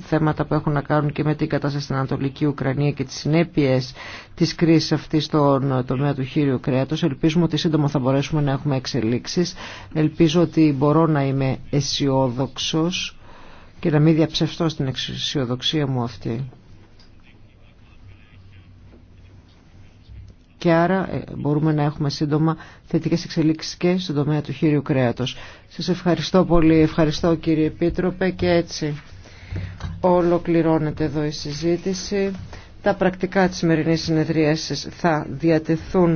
θέματα που έχουν να κάνουν και με την κατάσταση στην Ανατολική Ουκρανία και τις συνέπειες της κρίσης αυτής στον τομέα του χείριου κρέατος. Ελπίζουμε ότι σύντομα θα μπορέσουμε να έχουμε εξελίξεις. Ελπίζω ότι μπορώ να είμαι αισιόδοξο και να μην διαψευστώ στην αισιοδοξία μου αυτή. και άρα ε, μπορούμε να έχουμε σύντομα θετικές εξελίξεις και στον τομέα του χείριου κρέατος. Σας ευχαριστώ πολύ, ευχαριστώ κύριε Επίτροπε και έτσι ολοκληρώνεται εδώ η συζήτηση. Τα πρακτικά της σημερινής συνεδρίασης θα διατεθούν